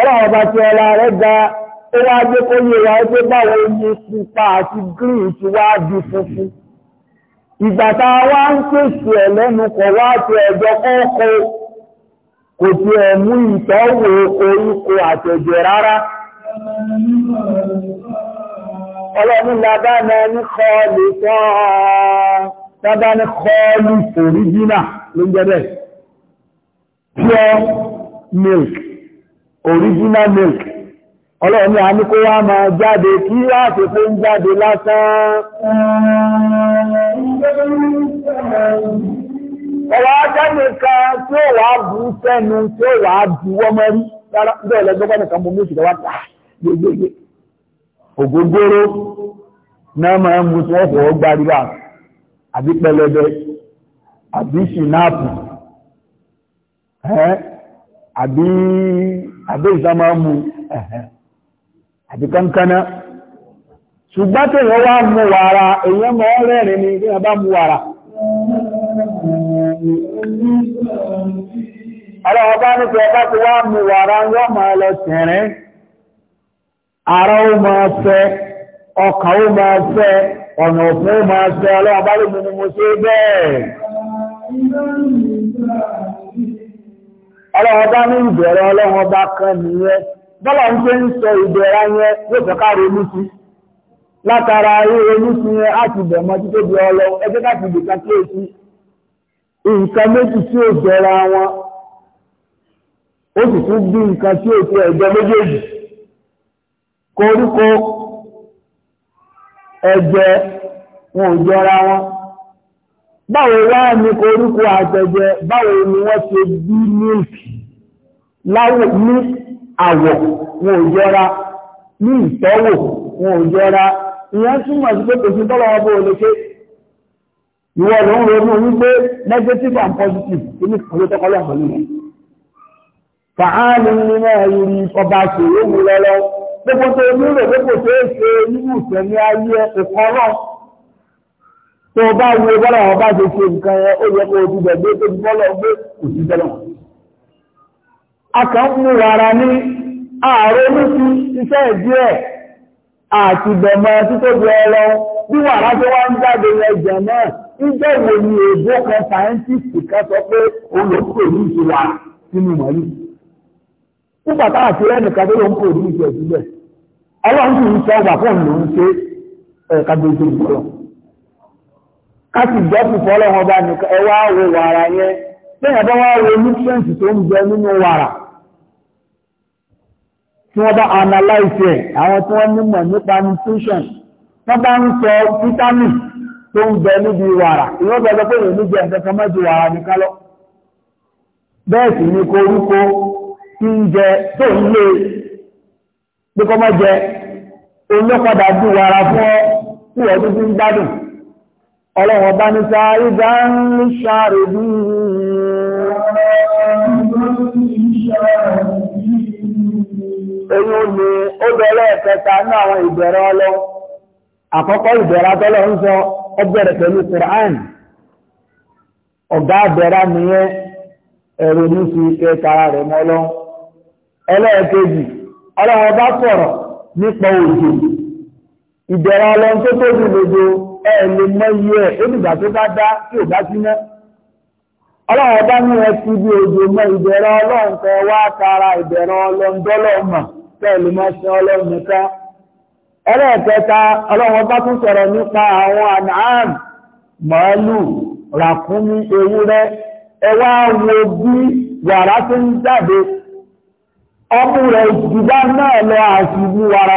ọlọ́run bá ti ọlá rẹ̀ ga ó wá gbé kó yé wa pé báwo ni pupa àti green ti wá di funfun ìgbà tá a wá ń pèsè ẹ̀ lẹ́nu kọ̀ wá ti ẹ̀jọ́ kọ́kọ́ kò tí ẹ̀ mú ìtọ́wò orúkọ àtẹ̀jẹ̀ rárá ọlọ́run lábá náà ní kọ́ọ̀lù tán lábá ní kọ́ọ̀lù ló ń jẹ́ bẹ́ẹ̀ pure milk original milk ọlọ́run ní a ní kó wá máa jáde kí láti pé ń jáde lásán ọwọ́ ajẹ́mì kan tí ó wà bú sẹ́nu tí ó wà bú wọ́mọ́ rí bẹ́ẹ̀ lẹ́gbọ́gbọ́ nìkan mú méjì lọ́wọ́ tà gbogbogbò ògógóró náà máa ń mú tí wọ́n fọwọ́ gbáríwá àbí pẹlẹbẹ àbí ṣìnáàpù àbí àbẹ́ ìsámá mú ẹ̀hẹ́ àti kankaná ṣùgbọ́n tí èèyàn wá mú wàrà èèyàn mọ́ ni bí wọ́n bá mú wàrà ní ọba ti wá mú wàrà yọ́ máa lọ tẹ̀rẹ́ ara ó máa fẹ́ ọkà ó máa fẹ́ ọ̀nà ó máa fẹ́ ọlọ́wọ́ bá ní ìbẹ̀rẹ̀ ọlọ́wọ́ kan nìyẹn bọ́lá ń ṣe ń sọ ìbẹ̀rẹ̀ yẹn yóò fẹ́ ká látara ronú sí yẹn á ti bẹ̀ mọ́ títí di ọlọ́ ẹgbẹ́ ká ti dìkan kí èsì nǹkan méjì tí ó jọra wọn ó sì tún nǹkan ti báwo wá ní koríko àjẹjẹ báwo ni wọ́n ṣe bí mílìkì láwọ̀ ní àwọ̀ wọn ò jọra ní ìtọ́wò wọn ò jọra ìyẹn túmọ̀ sí pé kò sí tọ́lọ́ ọbọ̀ ò lè ló ń ronú wípé negative and positive ní ìpínlẹ̀ tọ́kọ́lọ́ pẹ̀lú rẹ̀ fàánì ní náà yìí ọba ṣèlú lọ́lọ́ gbogbo tó nílò gbogbo tó tó o bá wo bọ́lá wọn bá ṣe ṣe nǹkan ẹ ó yẹ kó o ti gbẹ̀gbẹ́ tó ti bọ́lá gbé kò sí tẹ́lẹ̀ wọn. a kàn ń mú wàrà ní ààrẹ olóṣù iṣẹ́ ìdíẹ̀ àti ìbẹ̀mọ títóbi ọlọ bí wàrà tó wá ń jáde yẹn jẹ̀ náà níjẹ́ wo ni èbó kan sáyẹ́ńtìsì kan sọ pé olùkọ́ èyí ti wà sínú mọ́lì. nígbà táwọn àti ẹnìkan tó ló ń kó òdú ìjẹ́ síbẹ̀ ọlọ́run sì ń sọ ọgbà fún òun ló ń ṣe ẹ̀ka gbogbo ìgbọ́lọ̀. E a sì jọ́ sì fọ́lọ́ wọn bá nìkan ẹ wá wo wàrà yẹn lẹ́yìn nutrients tó ń jẹ nínú wàrà tí wọ́n bá analyze ẹ̀ àwọn tí wọ́n nímọ̀ nípa vitamin tó ń bẹ níbi wàrà ìwọ́n pé mẹ́jọ lọ bẹ́ẹ̀ sì ni koríko tí ń jẹ tó ń lé pé kọ́ mọ́ jẹ ọlọ́run ọba ní sáárì bá ń ṣàrè bí èyí ni ó bẹ̀rẹ̀ ẹ̀kẹta ní àwọn ìbẹ̀rẹ̀ ọlọ́ àkọ́kọ́ ìbẹ̀rẹ̀ atọ́lọ́ ń sọ ó pẹ̀lú Qur'an ọ̀gá nìyẹn ẹ̀rọ ní fi kẹta rẹ̀ ẹlẹ́ẹ̀kejì sọ̀rọ̀ nípa òjò ìbẹ̀rẹ̀ ọlọ́ tó lójoo ẹ̀ lè mọ iye ẹ̀ ó tó bá dá tí ò bá síná ọlọ́run ọba ní ẹ ti bí ojú mọ ìbẹ̀rẹ̀ ọlọ́run kẹ wá tara ìbẹ̀rẹ̀ ọlọ́run dọ́lọ́mà mọ sí ọlọ́run nìkan ẹlẹ́ẹ̀kẹta ọlọ́run ọba tún sọ̀rọ̀ nípa àwọn àdáhàn màálù ràkúnmí ewúrẹ́ ẹ wá wo bí wàrà tó ń jáde náà lọ wàrà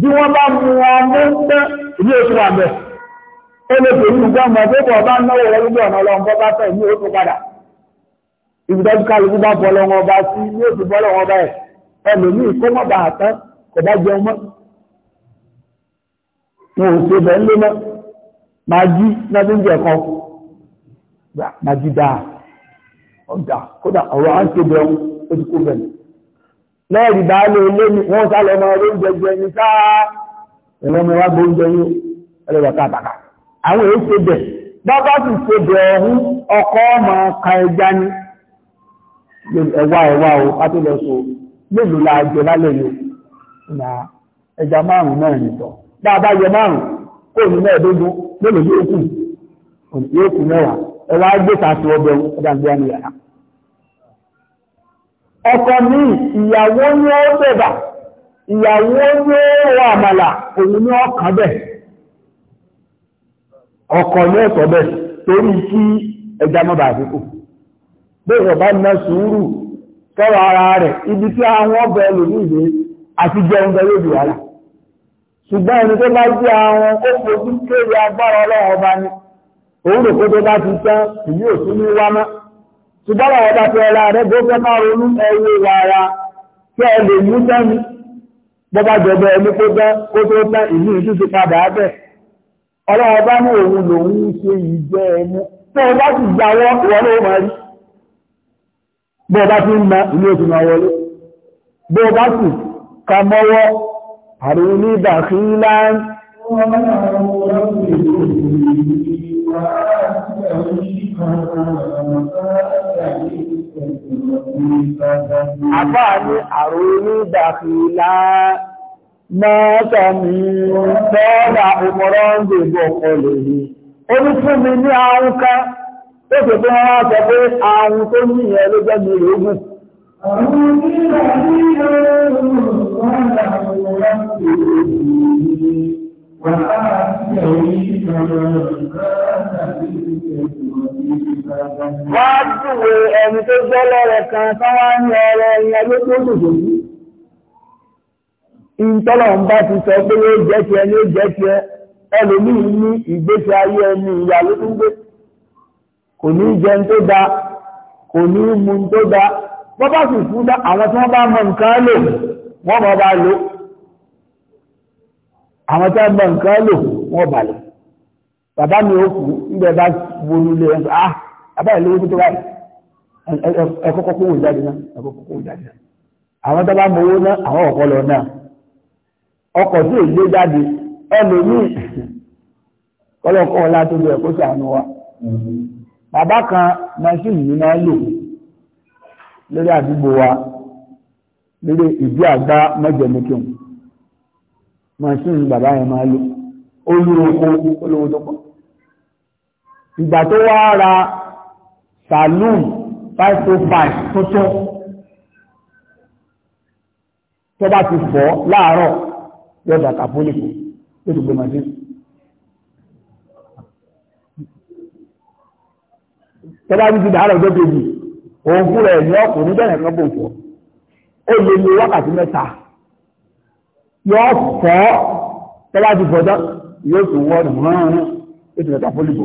bí wọ́n bá mú ọmọ tẹ́ ilé oṣù wà bẹ̀. ó lè pè ní ìgbọ́mọ̀ tó kọ̀ bá náwó rẹ̀ lójú ọ̀nà ọlọ́run bọ́ bá fẹ́ ní oṣù padà. ìbùdójú kálukú bá bọ́ lọ́wọ́ ọba sí ní oṣù bọ́ lọ́wọ́ ọba ẹ̀ ẹlòmíì kó lẹ́ẹ̀rì bá lè lé ní wọ́n sálọ ọmọ ọdún jẹ ní sáà ẹ̀lọ́mọ wa gbé oúnjẹ yóò ẹlẹ́wà káàbàkà àwọn èyí ṣe bẹ̀ sì ṣe bẹ̀ ọ̀hún ọkọ̀ ọmọ ka ẹja ní ẹwà ẹwà o kátó lọ so la lálẹ́ na ẹja márùn-ún náà ọkọ ní ìyàwó ní ó bẹ̀bà ìyàwó ní ó wà àmàlà òun ní ọkàn bẹ̀ ọkọ ní ẹ̀tọ́ bẹ̀ torí kí ẹja mọ́bà àfikò ọba ní sùúrù ara rẹ̀ ibi tí àwọn ọbẹ̀ àti jẹun bẹ lóbi ṣùgbọ́n ẹni tó bá jẹ́ àwọn kéré agbára ọlọ́run ọba ni òun tó ṣùgbọ́n àwọn ọba tí ọlá rẹ̀ bó fẹ́ máa ronú ẹwú ìwà ara tí ẹ lè mú sẹ́nu bọ́bá jọba ẹni kó bẹ́ kó tó tán ìlú ìlú ti padà bẹ̀. ọlọ́wọ́ bá ní òun lòun ṣe ìjẹ́ ẹmu tó o bá sì gbàwọ́ ìwọ ló máa rí. bó o ti ń mọ ìlú òsì máa wọlé bó o sì ka mọ́wọ́ àrùn ní ìbàkí ńlá ń. Thank you. Àbá ní àròrí dàfílá máa tàmí lọ́la ìmọ̀rọ̀ ń gbogbo ọ̀pọ̀ lèrí. Ó ní fún mi ní àrùn ká, ó sì tó wọ́n sọ pé àrùn tó ní ẹ̀ ló jẹ́ mi rẹ̀ ogun. Àwọn Wọ́n á júwe ẹni tó gbọ́ lọ́rọ̀ kan táwọn ní ọ̀rọ̀ ìyẹn ló tó dòdò sí. Ìtọ́lọ̀ ń bá ti sọ pé ó jẹ́ tiẹ̀ ní ó jẹ́ tiẹ̀ ẹlòmíì ní ìgbésí ayé ẹni ìyá ló gbé. Kò ní jẹun tó da, kò ní mu tó da. Bọ́ bá sì fún àwọn tí wọ́n bá mọ nǹkan lò, wọ́n mọ̀ bá lò. Àwọn tí wọ́n mọ nǹkan lò, wọ́n bà lò bàbá mi ò kú níbẹ̀ bá wọnú ilé ẹ̀ ah bàbá ìlú owó tó báyìí ẹ̀kọ́kọ́ kó wò jáde náà ẹ̀kọ́kọ́ kó wò jáde náà àwọn tó bá mọ owó náà àwọn ọ̀kọ́ lọ náà ọkọ̀ tí èlé jáde ẹnu ní kọ́lọ́kọ́ ọ̀la tó lọ ẹ̀kọ́ sànù wa bàbá kan mọ́ṣíìnì yìí máa ń lò lórí àdúgbò wa lórí ìdí àgbá mọ́jẹ̀mọ́kẹ́hùn mọ́ṣíìnì bàbá yẹn máa lò olú oko olówó tó pọ̀ ìgbà tó wá ra saloon five to oh five tuntun tó bá ti fọ́ láàárọ̀ yóò dà kàpólìkù yóò ti gbé màdé. tó bá ti di dàárọ̀ tó tóbi òun fúnra ẹ̀ ní ọkùnrin bẹ̀rẹ̀ kan bò fọ́ ó lè lo wákàtí mẹ́ta yóò fọ́ tó bá ti fọ́ tán yóò tún wọ́n rùn rán rán yóò tún lọ kàpólìkù.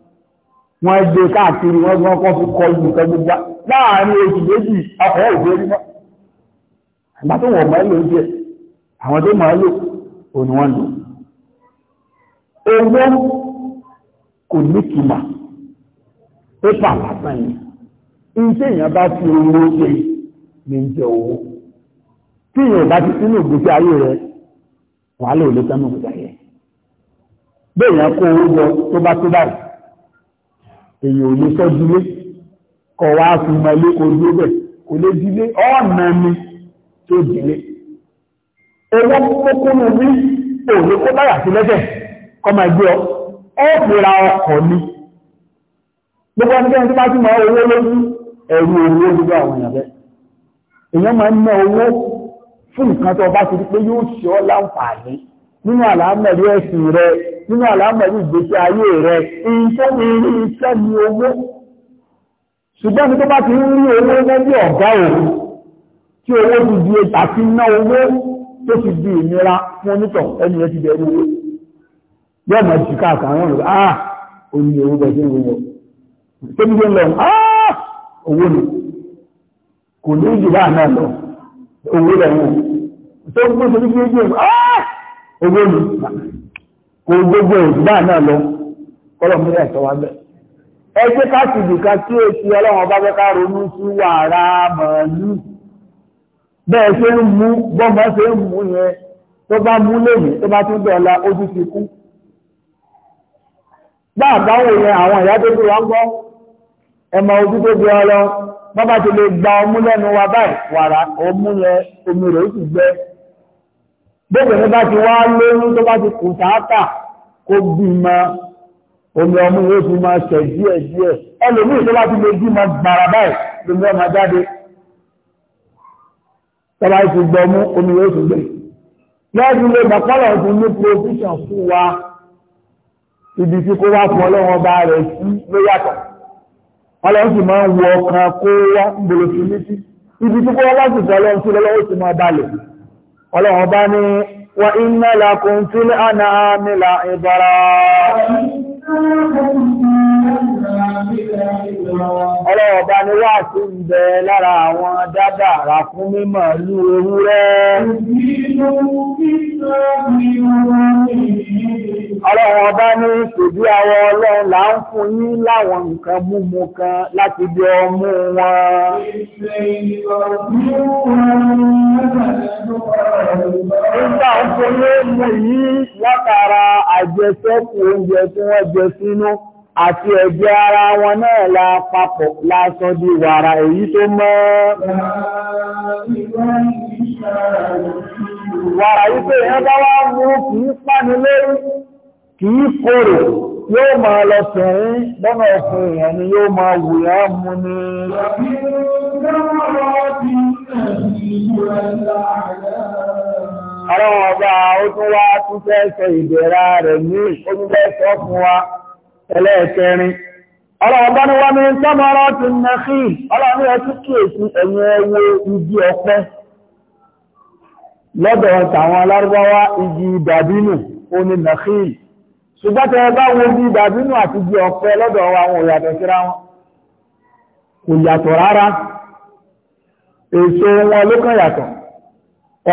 wọ́n gbé káàkiri wọ́n gbọ́n kọ́ fún kọ ìlú kan gbogbo láàárín oṣù méjì ọkọ̀ òfin rí mọ́ àgbà tó wọ̀n máa lò ń jẹ àwọn tó máa lò ò ní wọ́n lò owó kò ní kìmà pépà lásán ni iṣẹ́ èèyàn bá fi owó ṣe ní jẹ owó tí èèyàn bá ti sínú ìgbésí ayé rẹ wàhálà ò lè sánú ìgbésí ayé bẹ́ẹ̀ yẹn kó owó jọ tó bá tó báyìí èyàn ò lè sọ́júlé kọ̀ wá fún mẹ́lé ojú ọbẹ̀ kò lè dílé ọ̀nà ni tó dílé owó kókónú ní òwe kó sí ọ ọ́ fìra ọkọ̀ ni gbogbo ọdún tẹ́yìn tó bá tún máa owó lójú ẹ̀rù owó gbogbo àwọn èèyàn bẹ́ẹ̀ máa ń ná owó fún nǹkan tó bá ti rí pé yóò láǹfààní nínú nínú àlámọ̀rí ìgbésí ayé rẹ̀ iṣẹ́ ni iṣẹ́ ni owó ṣùgbọ́n ní tó bá ti ń rí owó lẹ́bí ọ̀gá òun tí owó ti di àti ná owó tó ti rẹ̀ ah ó ní owó bẹ̀ sí tó ní lọ ah owó ni kò ní ìjìlá náà lọ gbé sí ah owó ni kò gbogbo ìgbà náà lọ kọ́lọ̀ mú ẹ̀ṣọ́ wa bẹ́ẹ̀. ẹ jẹ́ ká sì dìkan tí ó ti ọlọ́run bá fẹ́ ká ronú sí wàrà màálù bẹ́ẹ̀ ṣe ń mú bọ́mọ ṣe ń mú yẹn tó bá mú lónìí tó bá tún dọ̀la ó tún ti kú. bá àbáwò yẹn àwọn ìyá tó bí wọn gbọ́ ẹ mọ ojú tó bí ọ lọ bá bá ti lè gba ọmú lẹ́nu wa báyìí wàrà ọmú yẹn omi rẹ̀ ó sì gbẹ. bóbìnrin bá ti wá lóyún tó bá ti kù sáátà kó bímọ omi ọmú yóò fi máa ṣẹ̀ díẹ̀ díẹ̀ ẹlòmí tó bá ti lè bímọ gbàrà báyìí lómi ọmọ jáde tọ́lá ti gbọmú omi yóò fi gbé lẹ́ẹ̀dì lè mọ̀kọ́lọ̀ ti ní provision fún wa ibi tí kó wá fún ọlọ́wọ́n bá rẹ̀ sí ló yàtọ̀ ọlọ́run sì máa ń wọ ọkàn kó wá ń bèrè sí létí ibi tí kó wá sì fọ́ ọlọ́run sí lọ́wọ́ sì máa balẹ̀ ọlọ́run bá ní وإن لكم في الأنعام لعبرا Ọlọ́wọ̀ bá ní wà tí ń bẹ lára àwọn dádà rà fún mímọ̀ lú ewúrẹ́ ọlọ́run ọba ní ṣèbí àwọn ọlọ́run là ń fún yín láwọn nǹkan múmu kan láti bí ọmú wọn. nígbà ń fún yín mú yìí látara àjẹsẹ́kù oúnjẹ tí wọ́n jẹ sínú àti ẹ̀jẹ̀ ara wọn náà la papọ̀ lásán di wàrà èyí tó mọ́. wàrà yìí pé èèyàn bá wá mú kì í pánilẹ́rú kìí kòrò yóò máa lọ tẹ̀rín lọ́nà ọ̀fẹ́ èèyàn ni yóò máa wùyá mú ní ara ọba ó tún wá tún fẹ́ ṣe ìdẹ̀ra rẹ̀ ní onílẹ̀ sọ fún wa ẹlẹ́ẹ̀kẹrin ọlọ́ọ̀bá ni wọ́n ní tọ́mọ́rọ́ ti nẹ́kí ọlọ́ọ̀bá ẹ tún kíyèsí ẹ̀yìn ẹwọ igi ọ̀pẹ lọ́dọ̀ tàwọn alárúbáwá igi dàbínù ó ní nàkíl ṣùgbọ́n tẹ bá wo bí dàbínú àti bí ọ̀pẹ lọ́dọ̀ wa wọn ò yàtọ̀ síra wọn kò yàtọ̀ rárá èso wọn ló kàn yàtọ̀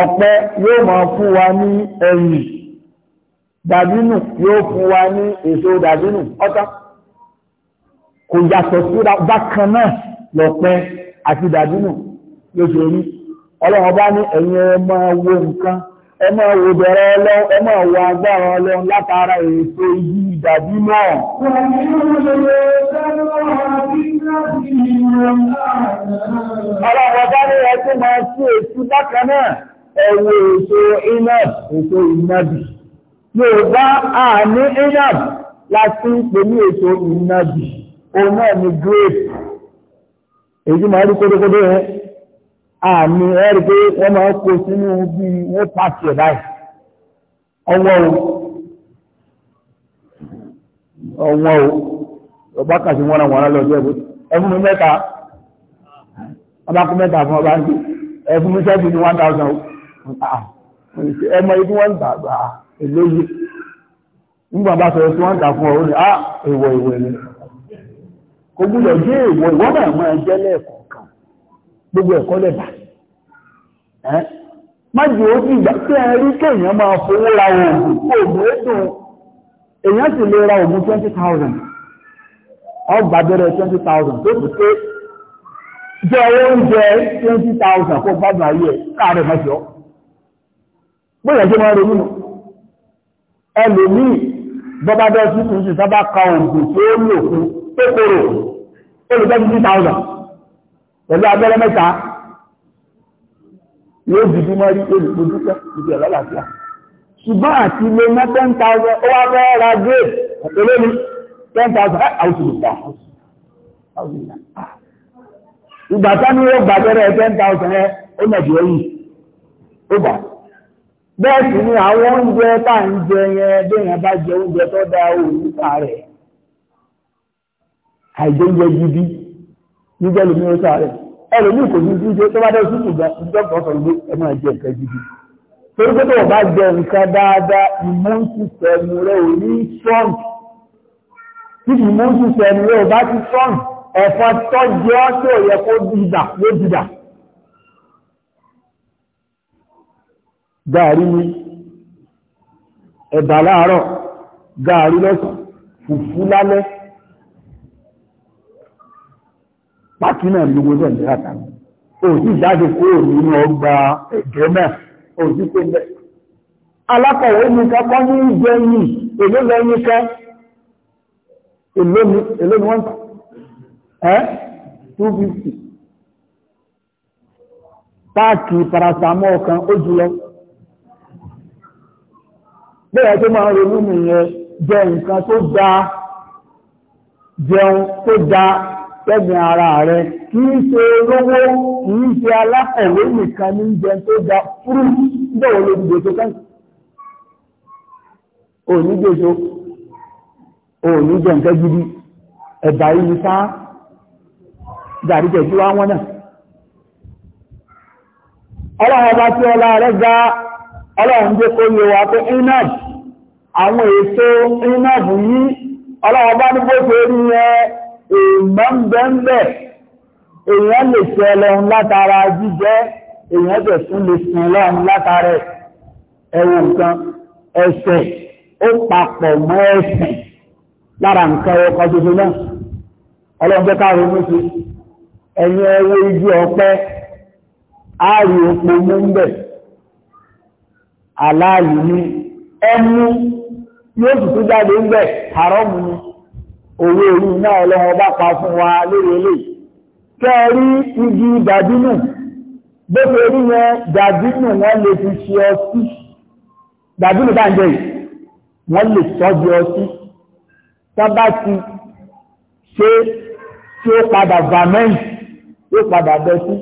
ọ̀pẹ yóò máa fún wa ní ẹ̀yìn dàbínú yóò fún wa ní èso dàbínú ọ̀tá kò yàtọ̀ síra bákan náà lọ̀pẹ àti dàbínú lóṣèlú ọlọ́run bá ní ẹ̀yin ẹ máa wo nǹkan ẹ máa wò bẹ̀rẹ̀ ọlọ́run ẹ máa wò agbára ọlọ́run látara èso igi ìdàbí náà. ọlọ́run ọba ní ẹ tó máa sí èso bákan náà ẹ wo èso inab èso inabi yorùbá àní inab láti ń pè ní èso inabi òun náà ni èyí máa rí kódókódó yẹn àmì ẹ̀rí pé wọ́n máa ń kó sínú bí wọ́n pàṣẹ ẹ̀ báyìí ọwọ́ o ọwọ́ o ọba kàṣí wọ́n ràn wọ́n rán lọ́jọ́ ẹ̀bùn ẹ̀fún mi mẹ́ta ọba kú mẹ́ta fún ọba ń gbé ẹ̀fún mi sẹ́fì ní one thousand ah, ẹmọ ibi wọ́n ń gbà gbà èlé yìí nígbà bá sọ ẹ̀fún wọ́n ń gbà fún ọ ó ní à ah, èwọ̀ èwọ̀ èlé kò gbúdọ̀ jẹ́ èwọ̀ ìwọ́n náà mọ́ ẹ jẹ́ lẹ́ẹ̀kọ́ gbogbo ẹ̀kọ́ lẹ́bà májì ó ti ìgbà tí ẹ rí kéèyàn máa fowó ra oògùn oògùn ó dùn èèyàn sì lè ra oògùn 20,000 ọgbà bẹ̀rẹ̀ 20,000 tó kù pé jẹ́ oúnjẹ 20,000 kó gbádùn ayé ẹ̀ káàrẹ̀ mọ́ṣọ́ bóyá jẹ́ máa ronú ẹlòmíì bọ́bá bẹ́ẹ̀ sí tún sí sábà ka oògùn tó lò fún tó kóró olùgbẹ́ 20,000 pẹ̀lú abẹ́rẹ́ mẹ́ta yóò dìdí mọ́ rí olùgbòdúpẹ́ ìdí ọ̀lá làbíà ṣùgbọ́n àti ilé mọ́ ten thousand ó wá fẹ́ ra ọ̀pẹ̀lẹ́ ni ten thousand àwùjọ ah, ah. ìgbà sani ó gbàgbẹ́rẹ́ ten thousand ẹ ó nàbí ẹ̀yìn ó bà bẹ́ẹ̀ sì ni àwọn oúnjẹ tá à ń jẹ yẹn béèyàn bá jẹ oúnjẹ tó dáa ó nípa rẹ̀ àìjẹ gidi níjẹ́ ó sáré ẹlòmíì kò ní jíjẹ tó bá dẹ́ sútù dọ́kítọ̀ sọ pé ẹ máa jẹ nǹkan gidi torí pé tó o bá jẹ nǹkan dáadáa immune system rẹ ò ní strong tí immune system rẹ ò bá ti strong ẹ̀fọn ẹ̀bà láàárọ̀ gaari lọ́sàn fùfú lálẹ́ pàtí náà ní gbogbo ẹ̀ nígbàtà òsì jáde kúrò nínú ọgbà ẹ̀jẹ̀ náà òsì tó bẹ̀. alákọ̀wé ní kápá ní ìjẹ́ yìí èló lọ yín kẹ́ èló ni wọ́n tà ẹ́ two fifty páàkì paracetamol kan ó jù lọ bẹ́ẹ̀ tó máa ń ronú nìyẹn jẹ nǹkan tó dáa jẹun tó dáa sẹ́gbìn ara rẹ̀ kì í ṣe olówó kì í ṣe nìkan ní jẹ tó da fúrú bọ́wọ́ ló dìbò tó kàn òní gbèsò òní gidi ẹ̀bà yìí sá wọn náà ọlọ́run ọba tí ọlá rẹ̀ ga ọlọ́run jẹ́ kó yẹ wa pé inab àwọn èso inab èèmọ̀ ń bẹ́ ń bẹ̀ èèyàn lè ṣe ẹlẹ́hun látara jíjẹ́ èèyàn tẹ̀ tún lè sin ẹlẹ́hun látara ẹ̀wọ̀n nǹkan ẹ̀ṣẹ̀ ó papọ̀ mọ́ ẹ̀sìn lára nǹkan ọkọ̀ tuntun náà ọlọ́jọ́ káàrò méjì ẹ̀yìn ẹwọ́ igi ọ̀pẹ ààrì òpó mú ń bẹ̀ aláàlú ní ẹnu yóò sì jáde ń bẹ̀ àrọ́mù ni owó orí náà lọ́wọ́ bá pa fún wa lórí ilé kẹ́ẹ̀rí igi dàbínù gbogbo orí yẹn dàbínù wọ́n lè fi ṣe ọtí dàbínù bá ń jẹ́ yìí wọ́n lè tọ́jú ọtí sábà ti ṣe tí ó padà vamẹ́ǹtì yóò padà dọtí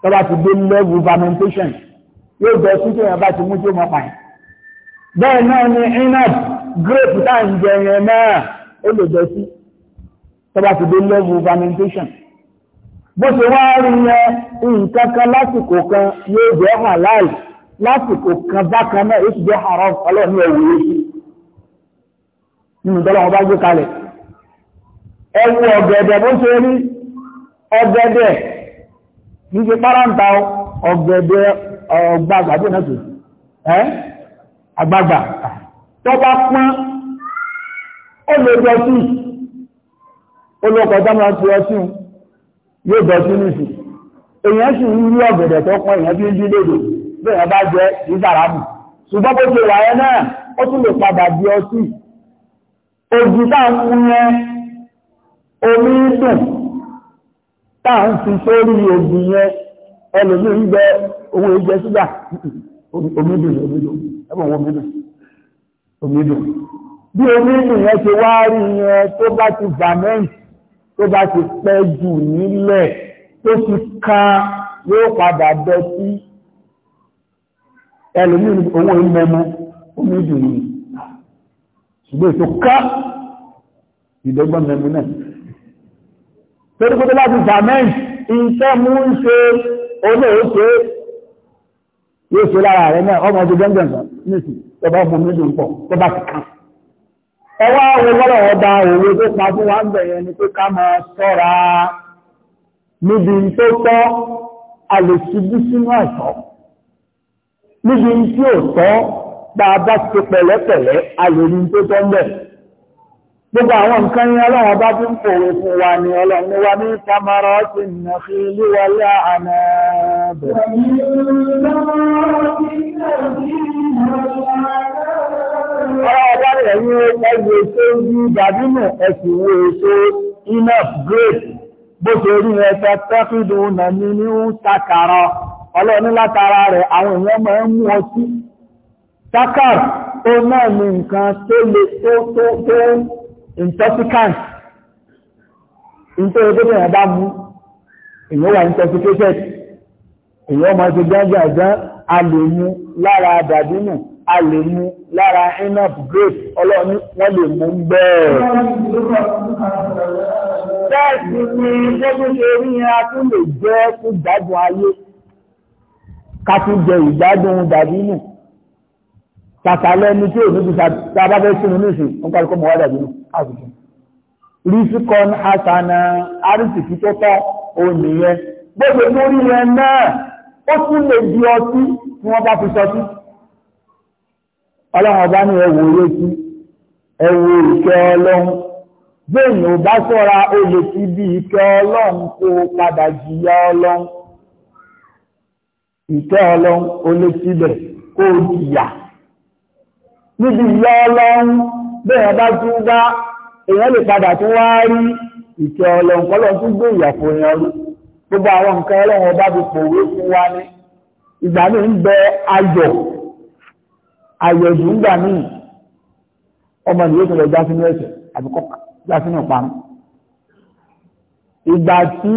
tọ́ba ti dé level fermentation yóò dọtí tí èèyàn bá ti mú tí ó mọ̀ pààyàn bẹ́ẹ̀ náà ni inab grape tá à ń jẹ yẹn náà ó lè bẹ sí tọ́ba ti dé level fermentation bó ṣe wá rí yẹn nǹkan kan lásìkò kan yóò jẹ́ halal lásìkò kan bákan náà yóò ti jẹ́ haram ọlọ́ọ̀ni ẹ̀wò yìí sí nínú ìdọ́lọ́ wọn bá gbé kalẹ̀ ẹ̀wù ọ̀gẹ̀dẹ̀ bó ṣe rí ọ̀gẹ̀dẹ̀ kì í ṣe páráǹtà ọ̀gẹ̀dẹ̀ ọ̀gbàgbà bí náà tó ẹ́ àgbàgbà tọ́ba pọ́n ó lè jọ sí olóòkọ̀ dámà ti ọ sí yóò jọ sí nìsí èèyàn sì ń rí ọ̀gẹ̀dẹ̀ tó pọ̀ èèyàn bí ń bí lédè bá jẹ́ ìsàrámù ṣùgbọ́n bó ṣe wà ẹ náà ó tún lè padà di ọtí òjì táà ń mú yẹn omi dùn táà ń fi sórí òjì yẹn ẹlòmí ń bẹ owó ìjẹ sígbà omi dùn omi dùn ẹbùn omi dùn omi dùn bí onílù yẹn ti wá rí yẹn tó bá ti vamẹ́ǹtì tó bá ti pẹ́ jù nílẹ̀ tó ti ká yóò padà bẹ sí ẹlòmíì owó ìmọ̀mọ́ omi dùn ní ṣùgbọ́n ètò ká ìdọ́gbọ́n mẹ́mu náà torí kó tó bá ti vamẹ́ǹtì nǹkan mú ń ṣe olóòṣè yóò ṣe lára rẹ̀ náà ọmọ ọdún gbẹ̀ngàn nísìnyí tó bá fún mi dùn pọ̀ tó bá ti kàn ẹwà ọlọ́rọ̀ ọba òwe tó pa fún wa ń bẹ̀rẹ̀ ni pé ká máa ṣọ́ra níbi tó tọ́ a lè ṣubú sínú àìsàn níbi tí ò tọ́ bá a bá ti pẹ̀lẹ́pẹ̀lẹ́ a lè rí tó tọ́ ń bẹ̀ gbogbo àwọn nǹkan yẹn ọlọ́run bá fi ń pòwe fún wa ni ọlọ́run ni wa ní tamara ti nà fi líwọlé àná bẹ̀rẹ̀. ọlọ́ọ̀dá rẹ̀ ní ẹgbẹ̀ tó ń bí dàbínú ẹ̀sìn wo èso bó ṣe rí ẹ̀fẹ́ tọ́kìdù nà ní ń takàrọ látara rẹ̀ àwọn èèyàn máa ń mú ọtí takar ó náà ní nǹkan tó tó tó tó intoxicant nítorí tó bá mú èèyàn wà intoxicated èèyàn máa a lè mú lára inap grape ọlọ́ni wọ́n lè mú bẹ́ẹ̀. Bẹ́ẹ̀sì ni gẹ́gẹ́ rí a tún lè jẹ́ kó gbádùn ayé, ká tún jẹ ìgbádùn dàbínù. Tàtà lẹ́nu tí ò níbi tàbá fẹ́ sínú níṣe, wọ́n kárí kọ́ mọ̀ wá dàbínù, àbùkù. Rísíkọ́n Hasana, Arísìkí tó tọ́, òun nìyẹn. Gbogbo lórí rẹ̀ náà, ó tún lè di ọtí tí wọ́n bá fi sọtí. ọlọ́run ọba ní ẹwù létí ẹwù ìkẹ́ ọlọ́run bẹ́ẹ̀ni ò bá sọ́ra ó lè bí ìkẹ́ ọlọ́run kó padà jìyà ọlọ́run ìkẹ́ ọlọ́run ó lè síbẹ̀ kó jìyà níbi ìyà ọlọ́run bẹ́ẹ̀ bá tún bá èèyàn lè padà tún wá rí ìkẹ́ ọlọ́run tún gbé ìyàfọ̀ yẹn rú gbogbo àwọn ọba pòwé fún wa ní ìgbà mi àyẹ̀dù ń gbà míì ọmọ nìyẹn tó lọ já sínú ẹ̀ṣẹ̀ àbí kọ́ já sínú ìparun ìgbà tí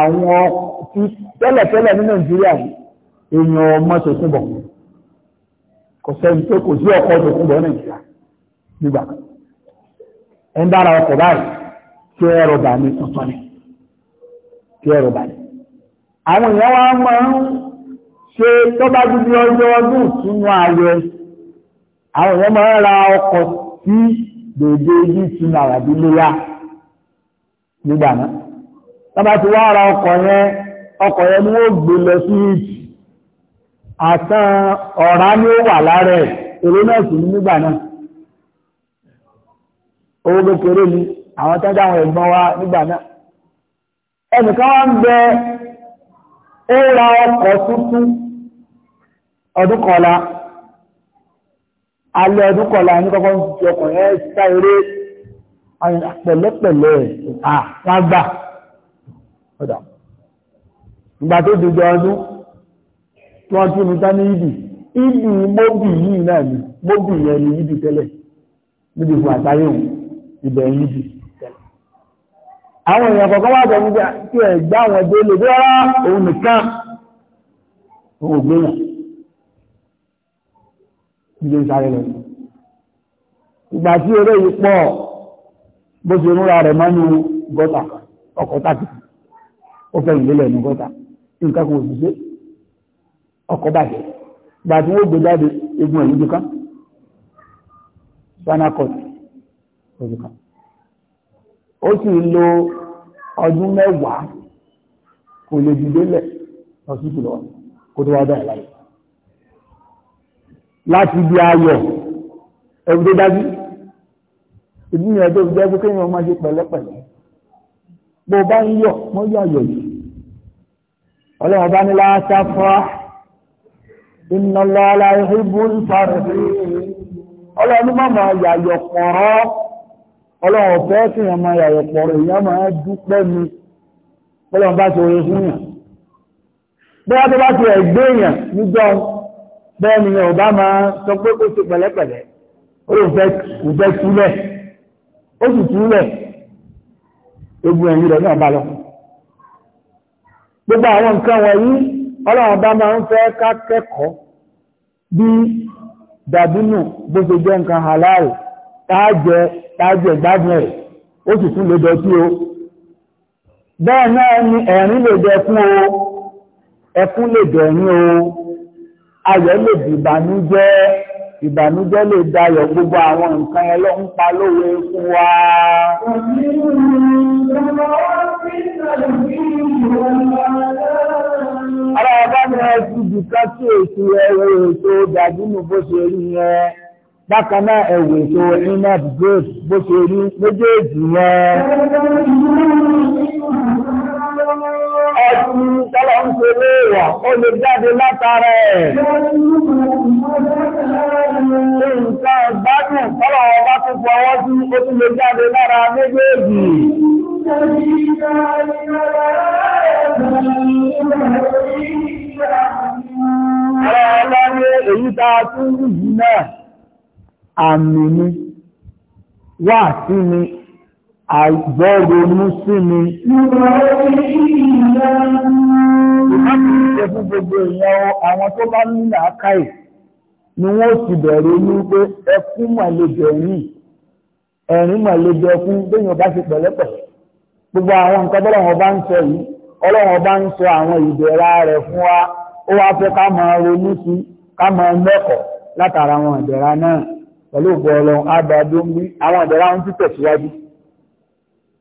àwọn ti tẹ́lẹ̀tẹ́lẹ̀ ní nàìjíríà èèyàn ọmọ tòkún bọ̀ kò sẹ́ni tó kò sí ọkọ̀ tòkún bọ̀ nàìjíríà nígbà ẹ̀ ń dára ọkọ̀ báyìí kí ẹ̀rọ bà ní tuntun ni kí ẹ̀rọ bà ní àwọn èèyàn wa máa ń ṣe tọ́bá dúdú ọjọ́ ọdún ìtúnú ayẹ àwọn ọmọ máa ra ọkọ̀ sí dèdè ibi ìtúnú àràbíléyà nígbà náà tọ́bá ti wá ra ọkọ̀ yẹn ọkọ̀ yẹn ni wọ́n gbé lọ sí ìtì àtàn ọ̀rá ni ó wà lára ẹ̀ èrè ni àwọn tó ẹ̀gbọ́n wa nígbà náà ẹnìkan wá ń bẹ Ọdụkọla, kọlá alẹ́ ọdún ní kọ́kọ́ ń fi ẹ́ sá eré pẹ̀lẹ́pẹ̀lẹ́ àgbà ọ̀dà ìgbà tó dìjọ ọdún tí wọ́n tún ní tán ní ìdì ìdì mọ́bì yìí náà ni mọ́bì yẹn ni ìdì tẹ́lẹ̀ níbi àtàyè ìdì àwọn èèyàn wà ìdí ìsáré lọ ìgbà tí eré yìí pọ̀ bó ṣe múra rẹ̀ mọ́ ní gọ́tà ọkọ̀ tàbí ó fẹ́ ìlélẹ̀ ní gọ́tà nǹkan kò sì ṣe ọkọ̀ bàjẹ́ ìgbà tí wọ́n gbé jáde egun ó sì lo ọdún mẹ́wàá kò lè lọ sí kó tó wá bẹ̀rẹ̀ láyé láti ibi ayọ̀ ẹ̀rù tó dájú ìdí ni ẹjọ́ ìjẹ́ pé kéèyàn máa ṣe pẹ̀lẹ́pẹ̀lẹ́ bó bá ń yọ̀ wọ́n yọ̀ ayọ̀ yìí ọlọ́run bá ní láàṣà fọ́ ìnàlọ́ aláìhíbú ìfarẹ̀ ọlọ́run má máa yàyọ̀ pọ̀rọ́ ọlọ́run fẹ́ kéèyàn máa yàyọ̀ pọ̀rọ̀ èèyàn máa dúpẹ́ mi ọlọ́run bá ṣe oore fún yàn bí wọ́n tó bá ti ẹ̀ gbé yàn níjọ́ bẹ́ẹ̀ ni ò bá máa sọ pé kó ṣe pẹ̀lẹ́pẹ̀lẹ́ ó lè fẹ́ kò fẹ́ túlẹ̀ ó sì túlẹ̀ egun ẹ̀yìn rẹ̀ náà bá lọ. gbogbo àwọn nǹkan wọ̀nyí ọlọ́run bá máa ń fẹ́ ká kẹ́kọ̀ọ́ bí dàbínú bó ṣe jẹ́ nǹkan halal táàjẹ táàjẹ gbádùn ẹ̀ ó sì tún lè dọ̀tí o bẹ́ẹ̀ náà ni ẹ̀rín lè dẹkún o ẹkún lè dẹ̀rín o ayọ̀ lè di ìbànújẹ́ ìbànújẹ́ lè dayọ̀ gbogbo àwọn nǹkan ẹ ń pa lówe fún wa. ara ọba ni ẹ ti dìkan sí èso ẹ̀rọ èso dàbínú bó ṣe rí yẹn bákan náà ẹ̀wò èso inab gold bó ṣe rí méjèèjì yẹn mú tọ́lọ̀ ń ṣe léèwọ̀ ó lè jáde látara ẹ̀. Nǹkan ìgbádùn tọ́lọ̀ ọba tó fọwọ́ sí ó tún lè jáde lára méjèèjì. Ọlọ́ọ̀lá ní èyí tá a tún yìí náà, àmì ni, wà sí ni, àgbọ́rònú sí mi. àwọn tó bá ní ni wọ́n sì bẹ̀rẹ̀ ní pé ẹkún màlejò ẹ̀yìn, ẹ̀rín màlejò ẹkún béèyàn bá ṣe pẹ̀lẹ́pẹ̀lẹ́. Gbogbo àwọn nǹkan sọ yìí, ọlọ́run sọ àwọn rẹ̀ fún wa, ó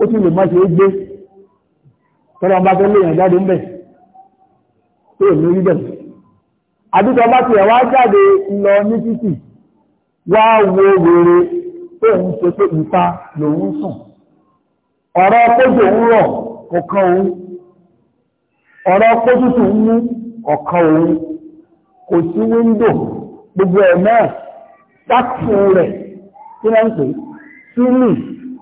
ó tún lè má ṣe é gbé tọ́lá ọba tó léèyàn jáde ń bẹ̀ tó èmi rí bẹ̀. àdúgbò ọba tiẹ̀ wá jáde lọ ní títì wá wo wèrè tó ń ṣe pé ìta lòun sùn ọ̀rọ̀ gbogbo ẹ̀ náà dákùn rẹ̀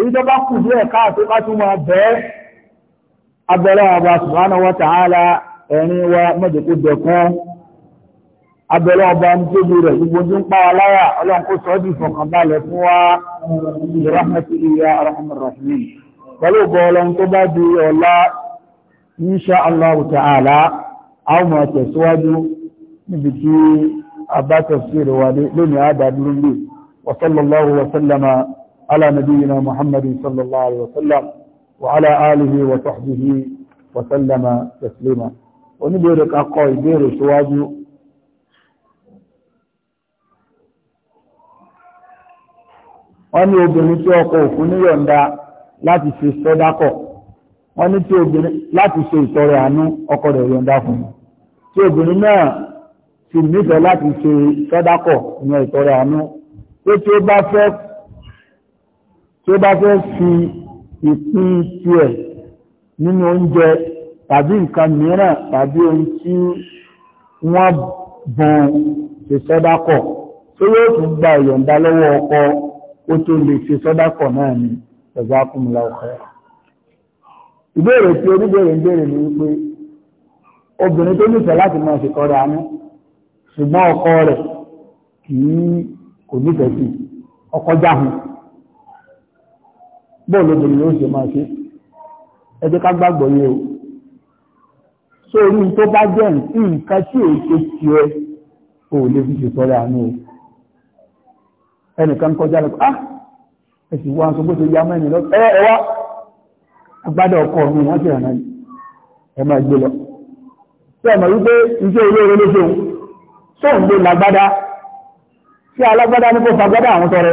èyí tó bá kù díẹ̀ káàtó ká tún máa bẹ́ẹ̀ abẹ́rẹ́ ọba subhanahu wa ta'ala ẹ̀rin wa mọ́jọ̀kú dẹ̀kún abẹ́rẹ́ ọba ń tóbi rẹ̀ gbogbo tí ń pa wa láyà ọlọ́run kó sọ́ di ìfọ̀kànbalẹ̀ fún wa ìrọ́mọ̀tì ìyá arhamar pẹ̀lú ọgbọ́ ọlọ́run tó bá di ọ̀la insha allahu ta'ala a ó máa tẹ̀síwájú níbi tí a bá lónìí àdàdúró wa sallallahu wa sallama على نبينا محمد صلى الله عليه وسلم وعلى آله وصحبه وسلم تسليما oníbèrè ká kọ ìbéèrè síwájú wọ́n ní obìnrin tí ọkọ òfin níyọ̀ǹda láti ṣe sọ́dákọ̀ wọ́n ní tí obìnrin láti ṣe ìtọrẹ àánú ọkọ rẹ̀ yọ̀ǹda fún tí obìnrin náà sì nífẹ̀ẹ́ láti ṣe sọ́dákọ̀ ìyẹn ìtọrẹ àánú pé tí ó bá fẹ́ tó bá fẹ́ fi ìpín tiẹ̀ nínú oúnjẹ tàbí nǹkan mìíràn tàbí ohun tí wọ́n bùn ṣe sọ́dákọ̀ tó yóò tún gba ìyọ̀ǹda lọ́wọ́ ọkọ ó tó lè ṣe sọ́dákọ̀ náà ni ẹ̀gbá kùnmùlà ọ̀kọ́ ìbéèrè tí oníbèrè ń béèrè ni wípé obìnrin tó nífẹ̀ẹ́ láti máa ṣe kọ́ra ní ṣùgbọ́n ọkọ rẹ̀ kì í kò nífẹ̀ẹ́ sí ọkọ jáhùn bọ́ọ̀lù obìnrin yóò ṣe máa ṣe ẹjẹ́ ká gbàgbọ́ yé o sórí tó bá jẹ́ nǹkan tí èyí ṣe ti ẹ o lè fi ṣe sọ́rọ̀ àánú o ẹnìkan kọjá lọ ah ẹ̀sìn wọn aṣọ bó ṣe ya mẹ́rin lọ ẹ ẹ wá agbádá ọkọ mi wọ́n ti rànà ẹ máa gbé lọ tí ẹ mọ̀ wípé iṣẹ́ olóore ló ṣe òun sóun lè lágbádá tí alágbádá ní kó fagbádá àwọn tọrẹ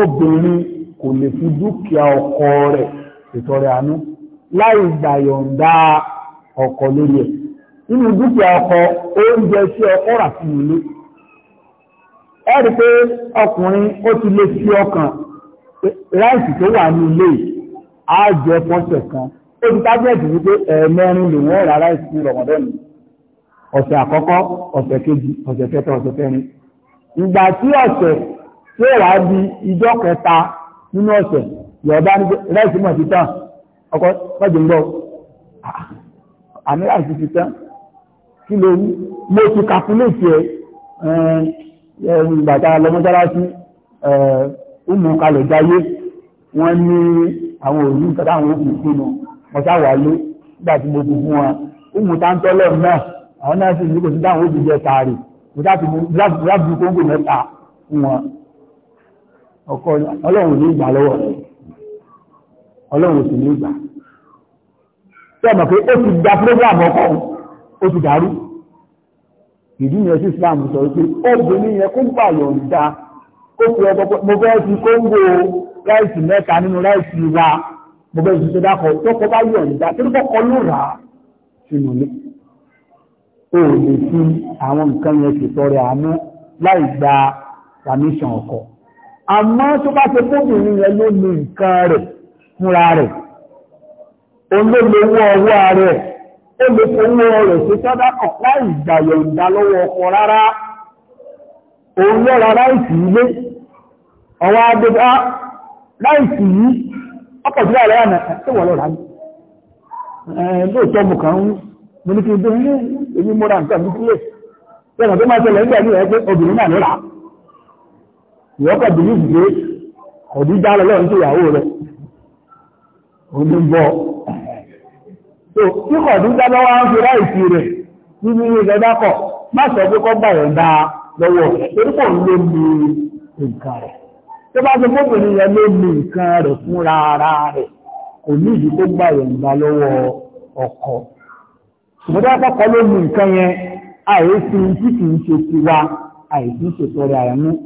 obìnrin kò lè fi dúkìá ọkọ rẹ̀ ṣètọrẹ àánú láì gbàyọ̀ǹda ọkọ lórí ẹ̀ nínú dúkìá ọkọ oúnjẹ tí ọkọ rà fún ilé ẹ rí pé ọkùnrin ó ti lè fi ọkàn ráìsì tó wà ní ilé á jẹ pọ́sẹ̀ kan ó ti tábẹ́ẹ̀tì wípé ẹ̀ẹ̀mẹrin lòun ọ̀rà ráìsì ní rọ̀mọ́dọ́nù ọ̀sẹ̀ àkọ́kọ́ ọ̀sẹ̀ kejì ọ̀sẹ̀ kẹta ọ̀sẹ̀ kẹrin ìgbà tí ọ̀sẹ̀ tí ó rà di ìjọ kẹta nínú ọ̀sẹ̀ yọ̀ọ̀bá ní rẹ́ẹ̀sì mọ̀ títà ọkọ̀ pẹ́jì ń bọ̀ àmì rẹ́ẹ̀sì títà kí ló rí mo ti kàkúlẹ̀tì ẹ̀ ìgbàta lọ́mọ́sálásí ọmọ kalẹ̀ jáyé wọ́n ní àwọn òní nǹkan táwọn òkú sínú ọ̀sáwálé nígbà tí mo fún wọn ọmọ táńtọ́lọ̀ náà àwọn náà sì ní kò sí táwọn òkú jẹ tààrí mo láti kóńgò mẹ́ta fún wọn ọkọ ọlọ́run ní ìgbà lọ́wọ́ ọlọ́run sì ní ìgbà tí ọmọ pé ó ti gba program ọkọ ó ti dàrú ìdí yẹn sí Islam sọ pé obìnrin yẹn kó gbà yọ̀ǹda kó fi ọkọ mo fẹ́ fi kóńgò láìsí mẹ́ta nínú láìsí wa mo fẹ́ fi sọdá kọ tọkọ bá yọ̀ǹda tó kọ́kọ́ ló rà sínú ilé ó lè fi àwọn nǹkan yẹn ṣètọrẹ àánú láì gba permission ọkọ àmọ́ tó bá ṣe kóbìnrin yẹn ló lo nǹkan rẹ̀ fúnra rẹ̀ olólowó ọwọ́ rẹ̀ ó lè fowó rẹ̀ ṣe sọ́dá kan láì gbàyọ̀ǹda lọ́wọ́ ọkọ rárá òun lọ́ra láìsí ilé ọwọ́ agbẹ́gbá láìsí yìí ọkọ̀ tí ààrẹ àmà tí wọ́n lọ́ra ní lóòtọ́ mù kàn ń mú ní kí n bí ní èyí mọ́ra nǹkan ní sílẹ̀ tẹ́lẹ̀ tó máa tẹ́lẹ̀ nígbà ní ẹgbẹ́ obìnrin náà lọ́ra ìwọ́kọ̀ bí yìí gbé ọ̀dídá lọ́lọ́ ní ìyàwó rẹ̀ òní so tí ọ̀dídá bá wá ń fi ráìsì rẹ̀ nínú ilé ìgbẹ́dákọ̀ má sọ pé kọ́ bá rẹ̀ tó bá ti ló ní nǹkan rẹ̀ fúnra ara rẹ̀ kò àìsí tí kì í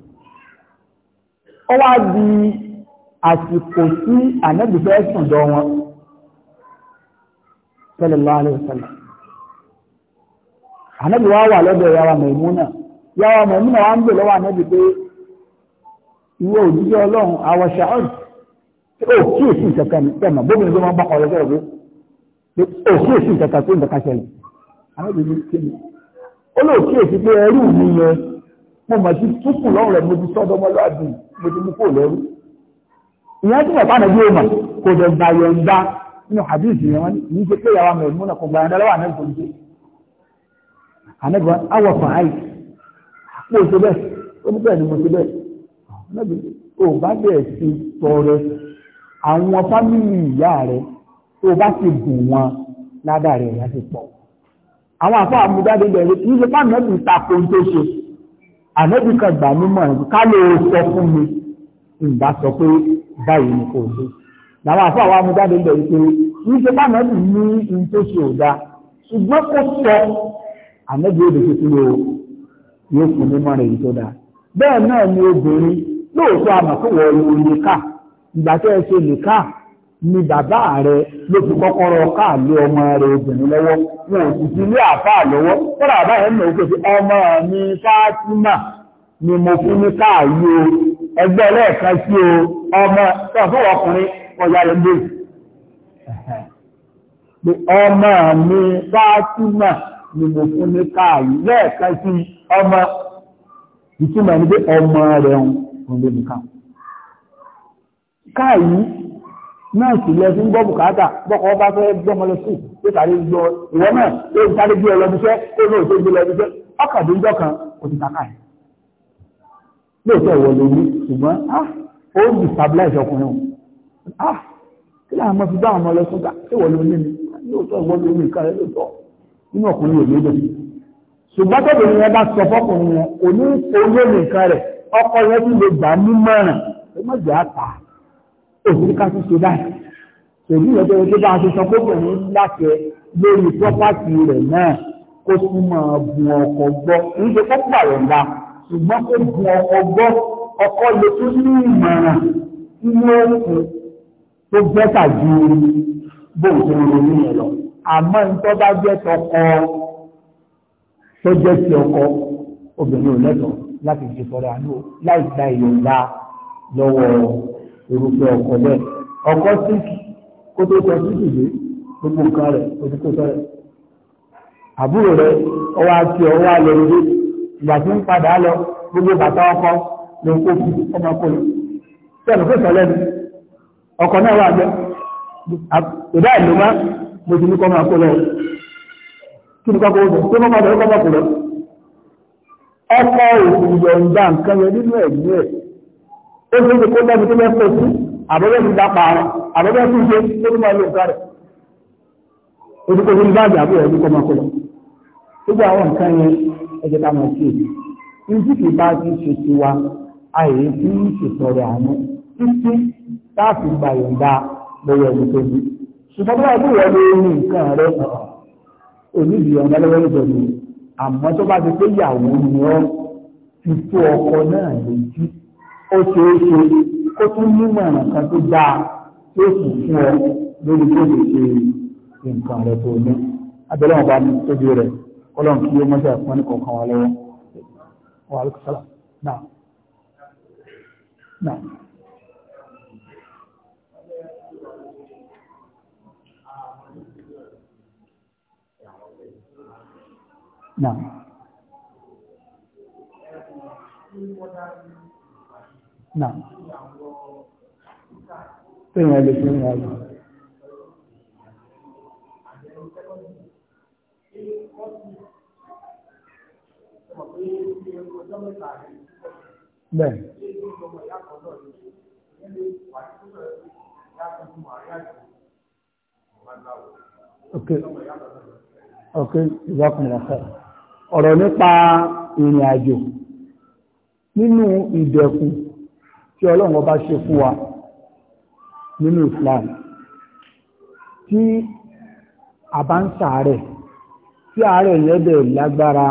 ó wá di àsìkò tí ànábì fẹ́ sùn dọ̀ wọn sallallahu alaihi wasallam ànábì wá wà lọ́dọ̀ yàwà Maimuna yàwà Maimuna wá ń bè lọ́wọ́ ànábì pé ìwọ òjíṣẹ́ ọlọ́run àwọn ṣàọ́rì ó kí èsì ìtẹ̀kẹ́ ní tẹ̀mọ̀ bóbi ní bí wọ́n bá ọ̀rọ̀ fẹ́ rẹ̀ ó kí èsì ìtẹ̀kẹ́ tó ń tẹ̀ka ṣẹlẹ̀ ànábì ní kí ni ó mo mọ̀ sí túkù lọ́rùn rẹ̀ mo ti sọ́dọ̀ ọmọlúwàbí mo ti mú kó lẹ́rú ìyẹn tí bàbá nàbí òmà kò dẹ̀ gbà yọ̀ǹda nínú hadith yẹn wọn ní ṣe pé yàrá mẹ́rin múnà kò gbà yọ̀ǹda lọ́wọ́ àná ìkò níṣe ànẹ́gbọ́n awọ̀ fún àì ṣe bẹ́ẹ̀ ó ní bẹ́ẹ̀ ni mo ṣe bẹ́ẹ̀ ọ̀nàbí ò bá bẹ̀ẹ̀ sí tọrẹ àwọn fámìlì ìyá rẹ tó bá ti bù wọn ládàá rẹ̀ yá ti pọ̀ àwọn àfọ àmúdáde bẹ̀rẹ̀ kì í ṣe fámìlì ìtakò tó ṣe ànábì kan gbà mí mọ̀ ká lè sọ fún mi ìgbà sọ pé báyìí ni kò dé làwọn àfọ àwọn amúdáde ń bẹ̀ wípé ní ṣe bá ní ní tó ṣe ò dáa ṣùgbọ́n kò sọ ànábì yóò dèṣe kúrò yóò wọ ká ìgbà tó ni bàbá rẹ̀ ló fi kọ́kọ́rọ́ káàlú ọmọ rẹ̀ obìnrin lọ́wọ́ wọn ò sì ti lé àfáà lọ́wọ́ kọ́dà bàbá rẹ̀ nà ó ọmọ mi Fátímà ni mo fún ní káàlú ẹgbẹ́ lẹ́ẹ̀kan sí o ọmọ tọ́fọ́ ọkùnrin ọjà rẹ̀ ń ọmọ mi Fátímà ni mo fún ní káàlú lẹ́ẹ̀kan sí ọmọ ìtumọ̀ ní pé ọmọ náà sì lẹ fún gbọ́ bùkátà bọ́kọ̀ ọba fẹ́ gbọ́mọ lọ sí tó sáré gbọ́ ìwọ náà tó ń sáré gbé ọlọ́bí iṣẹ́ tó náà tó gbé lọ́bí iṣẹ́ ọkàdé ńjọ kan kò ti kàkà ẹ̀. lóòótọ́ ìwọ lè ní ṣùgbọ́n ah, ó ń destabilize ọkùnrin o ah, kí láwọn ọmọ fi bá àwọn ọmọ lọ sọ́gà ṣé ìwọ ló ní mi lóòótọ́ ìwọ ló ní ìkàrẹ́ lóòótọ́ nínú ọkùnrin ò lédè òfin ká tún ṣe báyìí pẹ̀lú ìrọ̀jọ́ ojú bá a ṣe sọ gbóbìnrin láṣẹ lórí pọ́pátì rẹ̀ náà kó tún máa bu ọkọ̀ gbọ́ kì í ṣe kó pàrọ̀ǹda ṣùgbọ́n kó bu ọkọ̀ gbọ́ ọkọ̀ lè tún ní ìmọ̀ràn inú òkun tó bẹ́tà ju bóòtù ìròyìn yẹn lọ àmọ́ nítọ́ bá jẹ́ tọkọ tó jẹ́ ti ọkọ obìnrin ò lẹ́tọ̀ọ́ láti ṣe sọ̀rọ̀ àánú láì gba ìyọ̀ǹda lọ́wọ́ irúfẹ́ ọkọ bẹ́ẹ̀ ọkọ síkì kó tó sọ síkì dé gbogbo nǹkan rẹ̀ ojú kó sọ rẹ̀ àbúrò rẹ̀ ọkọ ló ń kó fún ọmọkùnrin tí ẹnu fẹ́ sọ lẹ́nu ọkọ náà wà gbẹ ìdá ìlú má mo ti ní kọ́ máa kó lọ kí ni kọ́kọ́ ó sọ máa kọ́kọ́ lọ òkú ó ṣe é kó lẹ́bi tó lẹ́pọ̀ sí àbẹ́bẹ́ ti dá pààrọ̀ àbẹ́bẹ́ ti ṣe tó ní máa lè ká rẹ̀ ojúkọ ní báàgì àbúrò ẹni kọ́ máa kọ́ lọ gbogbo àwọn nǹkan yẹn ẹjẹ ká máa ṣe èdè ibi kì í bá ti ṣe ti wa àyè tí ń ṣètọrẹ àánú títí láti gbà yọ̀ǹda lọ́wọ́ ẹni tó bí ṣùgbọ́n bí wọ́n wọ́n lé ní nǹkan rẹ̀ onídìí ọ̀nà lọ́wọ́ ìjọba àmọ́ tó bá ti pé ìyàwó ni ọ́ ti tó ọkọ náà lójú ó ṣe é ṣe ó tún nímọ̀ nǹkan tó dáa tí ó sì fún ọ lórí tó lè ṣe nǹkan rẹ tó ní abẹ́rẹ́ wọn bá ní tóbi rẹ kọ́lọ́n kí ó mọ́ṣẹ́ àpọ́n ní kọ̀ọ̀kan wa lọ́wọ́ wa alùpùpù náà náà tí ìyẹn lè fi ń rìn àjò bẹ́ẹ̀ ok ok ìwọ́kùnrin ọ̀fẹ́ ọ̀rọ̀ nípa ìrìn àjò nínú ìdẹ̀kùn tí ọlọ́run ọba ṣe fún wa nínú Islam tí a bá ń ṣàárẹ̀ tí àárẹ̀ yẹn dẹ̀ lágbára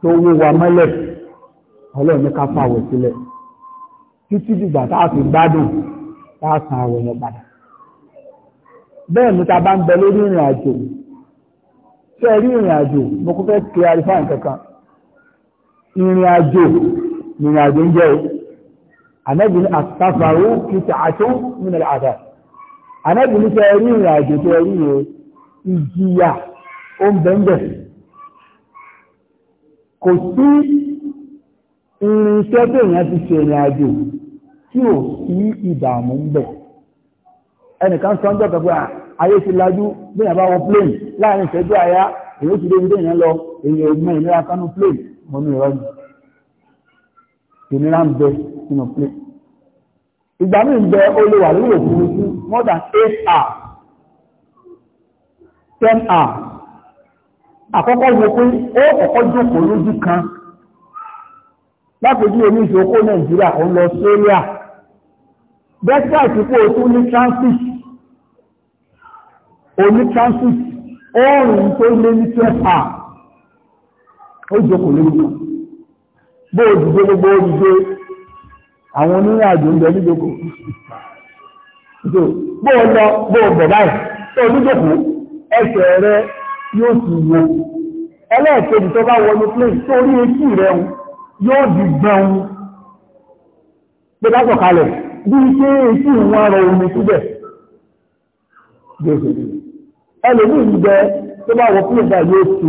tó wó wa mọ́lẹ̀ ọlọ́run ní ká fàwẹ̀ sílẹ̀ títí dìgbà tá a fi gbádùn tá a san àwẹ̀ yẹn padà bẹ́ẹ̀ ni ta bá ń bẹ lórí ìrìn àjò ṣe rí ìrìn àjò mo kún fẹ́ kí arifáàn kankan ìrìn àjò nínú àjò ń jẹ́ o anábì ní àtàfàrú kìtà àtó nínú àdá anábì ní sọ rí ìrìn àjò tó rí o ìjìyà ó ń bẹ̀ǹbẹ̀ kò sí irinṣẹ́ tó èèyàn ti ṣe ìrìn àjò tí ò sí ìdààmú ń bẹ̀ ẹnìkan sọ ń jọ́ pẹ̀lú ah, ayé ti lajú bí èèyàn bá wọ plane láàrin ìṣẹ́jú àyá èyí ó ti dé ibi tó èèyàn lọ èèyàn ò mọ ìnira kánú plane mo ní ìrọ́nù ìnira ń bẹ nínú pé ìgbà mí ń bẹ ó lè wà lórí more than eight hours ten hours àkọ́kọ́ ni pé ó kọ́kọ́ jókòó lójú kan lápòjú omi ìṣòkó nàìjíríà ó ń lọ Australia bẹ́tà ìsìnkú òtún ní transit oní transit oòrùn tó lé ní twelve hours ó jókòó lójú kan bó o dìde gbogbo o dìde àwọn onírìn àjò ń bẹ níjòkó bó o lọ bó o bọ̀ báyìí tó níjòkó ẹsẹ̀ rẹ yóò sì wo ẹlẹ́ẹ̀kejì tó bá wọnú plane tó rí etí rẹ yóò di gbẹun pé bá sọ̀kalẹ̀ bí ṣe etí ìwọ̀n ara omi síbẹ̀ ẹlòmíì ń bẹ tó bá wọ plane báyìí yóò sì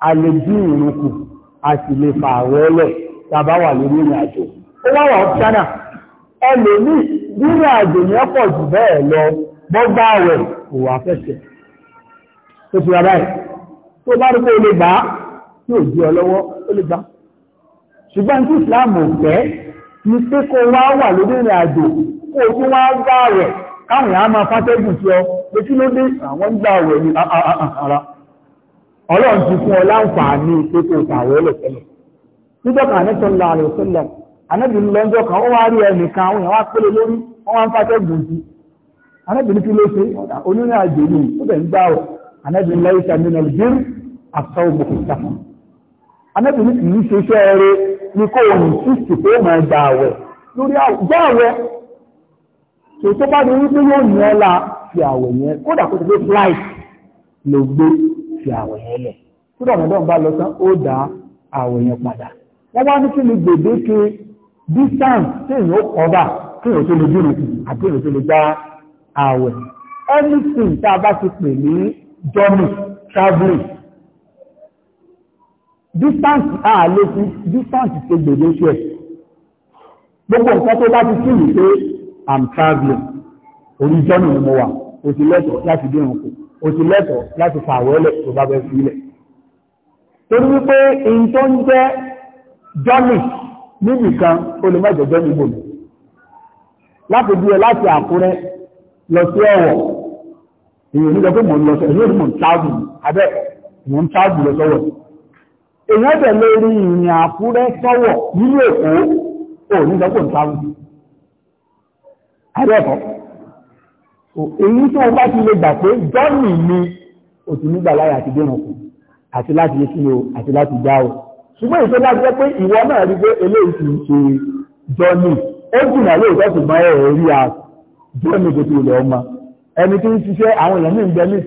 a lè dín ìrun kù a sì lè fà àwẹ́lẹ̀ tàbá wà lórí ìrìn àjò ó wá wà ọ́pṣánà ẹ lè ní ìrìn àjò yẹn pọ̀ jù bẹ́ẹ̀ lọ bọ́gbà àwẹ̀ kò wà fẹ́sẹ̀ tó ti rárá ẹ̀ tó bá rí pé o lè gbà á tí ò di ọ lọ́wọ́ ó lè gbà ọlọ́run ti fún ọ láǹfààní pé kò tàwọ́ ẹlẹ́tẹ̀lẹ̀ níjọ́ kan ní sọ́lá rẹ̀ sọ́lá anábìrin lọ́jọ́ kan ó wá rí ẹnìkan àwọn èèyàn wá pélé lórí wọ́n wá ń fàṣẹ́ gbòòjì anábìrin kí ló ṣe onírìn àjò ní ìpínlẹ̀ ń gbà ọ́ anábìrin lẹ́yìn sàmínà lùdín àtọ́ ògbòkùn sáfún anábìrin kì í ṣiṣẹ́ eré ní kó òun sísì pé ó máa gba àwẹ̀ lórí àwẹ̀ àwẹ̀ tó tó bá fi àwẹ̀ yẹn lẹ̀ tí rọ̀mọ̀dọ́n bá lọ tán ó dá àwẹ̀ yẹn padà wọ́n wá ní kí ni gbèdéke distance tí èèyàn ó kọ́ba kí èèyàn tó lè dúró àti èèyàn tó lè gba àwẹ̀ anything tá a bá ti pè ní journey traveling distance a lè fi distance ṣe gbèdéke gbogbo nǹkan tó bá ti sí mi pé i'm traveling orí journey ni mo wà òsì lẹ́tọ̀ọ́ láti dé ìrànkò òsì lẹ́tọ̀ọ́ láti fa àwẹ́lẹ̀ tó bá bẹ́ sílẹ̀. torí wípé in tó ń jẹ́ jọ́nì níbì kan ó lè mẹ́jọ jọ́nì gbòmù láti bí ẹ láti àkúrẹ́ lọ sí ọ̀wọ̀ èyàn nígbà pé mò ń lọ sí ẹ̀yìn mò ń tábù abẹ́ mò ń tábù lọ sọ́wọ̀ ò nígbà pé ń èyí tí wọ́n bá ti lè gbà pé jọ́nì ni òtù nígbà láyé àti dẹ́rùnkù àti láti lè sí o àti láti dá o ṣùgbọ́n ìṣẹ́ láti jẹ́ pé ìwọ náà rí pé eléyìí ti ṣe jọ́nì ó jìnà lóòótọ́ ṣùgbọ́n ẹ̀rọ rí a jọ́nì tó ti lọ ọmọ ẹni tí ń ṣiṣẹ́ àwọn èèyàn ní ìgbẹ́ ní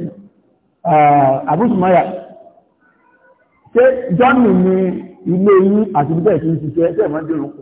àbúṣùmọ́yà ṣé jọ́nì ni ilé yín àti bíbẹ̀ tí ń ṣiṣẹ́ ẹgbẹ́ mọ́ dẹ́rùnkù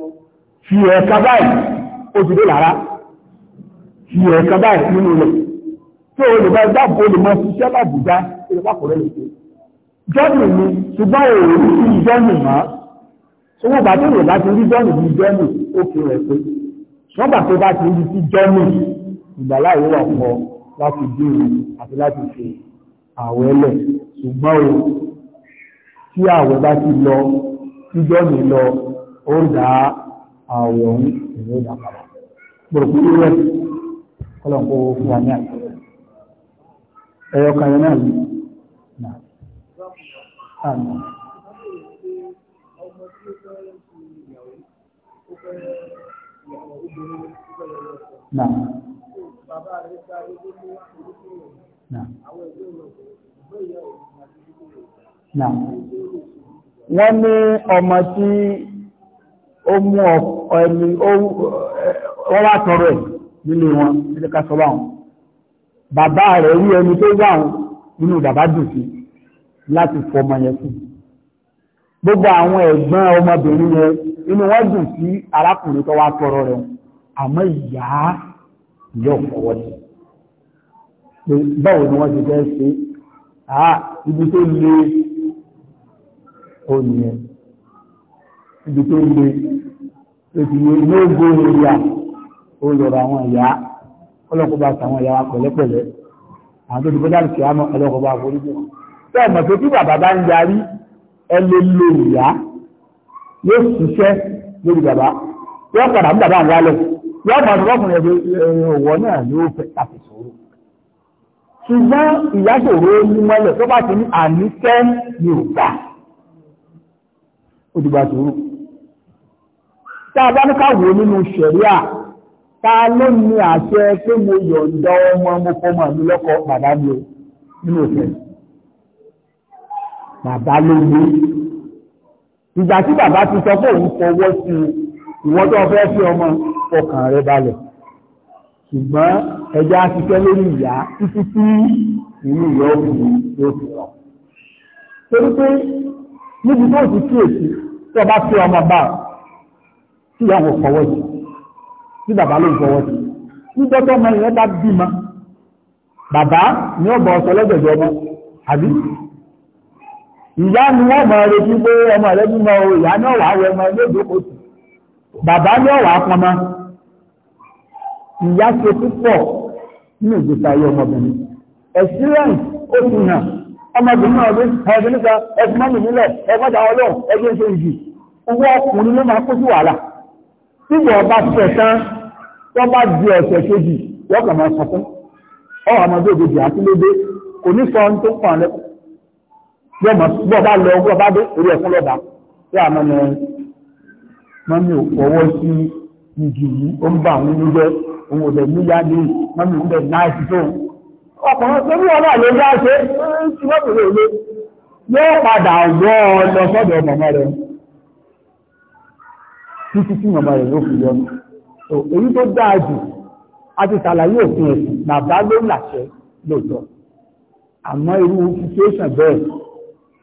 fi ẹ̀ẹ̀ka báyìí ó ti dé lára fi ẹ̀ẹ̀ka báyìí nínú rẹ̀ tí o lè bá dáàbò lè máa ṣiṣẹ́ lábùjá tí o bá kọ̀rẹ́ lè ṣe jọ́nù ni ṣùgbọ́n o rí sí jọ́nù mọ́ owó bá tó lè bá ti rí jọ́nù bí jọ́nù ó fi rẹ̀ pé ṣọ́gbà tó bá ti rí sí jọ́nù ìgbàláyé wà fún ọ láti dèrò àti láti ṣe àwẹ̀ lẹ̀ ṣùgbọ́n o tí àwẹ̀ bá ti lọ tí jọ́nù lọ ó dáa àwọ̀ ń ìwé ìdàpàdà gbòòkú ìwé kọlọ̀kọ́ fún ní àgbẹ̀ ẹ̀yọ kan yẹn náà ní àná. Nah. Nah. Nah. Wọ́n ní ọmọ tí ọ mú ẹni wọ́n wá tọrọ ẹ̀ ọrụ nínú bàbá dùn sí láti fọmọ yẹn sí gbogbo àwọn ẹ̀gbọ́n ọmọbìnrin yẹn inú dùn sí arákùnrin rẹ̀ àmọ́ ìyá ni wọ́n ti fẹ́ ibi tó ibi tó le ètùwé lóògbé ìyá ó lọ́rọ̀ àwọn ìyá ọlọ́kọ̀ bá sàwọn ìyá wa pẹ̀lẹ́pẹ̀lẹ́ àwọn tó ti bọ́dá lùkì àmọ́ ọlọ́kọ̀ bá forí jù bẹ́ẹ̀ mọ̀ pé tí bàbá bá ń yarí ẹ lè lo ìyá yóò ṣiṣẹ́ lórí bàbá yóò padà mú bàbá àwọn alẹ́ yóò máa tọ́ fún ẹgbẹ́ ọ̀wọ́ náà yóò fẹ́ tàbí sọ̀rọ̀ ṣùgbọ́n ìyá ṣòro ní mọ́lẹ̀ tó bá ti ní àníkẹ́ ní ògbà ó ti gba sọ̀rọ̀ tá a bá ní káwò nínú ṣẹ̀ríà ta ló ní àṣẹ pé mo yọ̀ǹda ọmọ mo fọmọ mi lọ́kọ bàbá mi o nínú òfin bàbá ló ní ìgbà tí bàbá ti sọ pé òun fọwọ́ sí ìwọ́n tó fẹ́ fi ọmọ ọkàn rẹ balẹ̀ ṣùgbọ́n ẹja ṣiṣẹ́ lórí ìyá títí tí inú ìyá òkùnrin yóò fi rọ torí pé níbi tó ti kíyèsí tó bá fi ọmọ báyìí tí ìyá wọn fọwọ́ sí tí bàbá ló ń fọwọ́ sí nígbà tó ọmọ yẹn bá bímọ bàbá ni ó bọ̀ ọ̀sọ̀ lọ́gbẹ̀dẹ̀ ọmọ àbí ìyá ni wọ́n mọ̀ retí pé ọmọ rẹ̀ bímọ o ìyá ni ọ̀wà awẹ ọmọ ilé ìdókòó sí bàbá ni ọ̀wà apọnmọ ìyá ṣe púpọ̀ nínú ìgbésí ayé ọmọbìnrin experience ó fi hàn ọmọbìnrin náà ló ọmọbìnrin kan ẹgbẹ́ mi nílẹ̀ ẹgbẹ́ ọlọ́run ẹgbẹ́ ṣe ìjì owó ọkùnrin ló máa kó sí wàhálà tí wọ́n bá fẹ́ tán wọ́n bá di ọ̀sẹ̀ kejì wọ́n kà máa sọ fún ọ àmọ́dé òdòdó àtúndédé kò ní sọ tó kàn lẹ́ bọ́ bá lọ ọgbọ́n bá dé orí ẹ̀fún lọ́ba tí a mọ́ mọ́mí ò fọwọ́ sí igi yìí ó ń bà mí níjẹ́ òun ò lè níyá ní mọ́mí ń bẹ̀ náà sí tóun ọkùnrin tó ní ọlá ló dá ṣe ń ti mọ́mí lè lé yóò padà títí tí màmá rẹ̀ yóò fi yọnu èyí tó dáa jù a ti ṣàlàyé òfin ẹ̀sìn bàbá ló làṣẹ lóòótọ́ àmọ́ irú situation bẹ́ẹ̀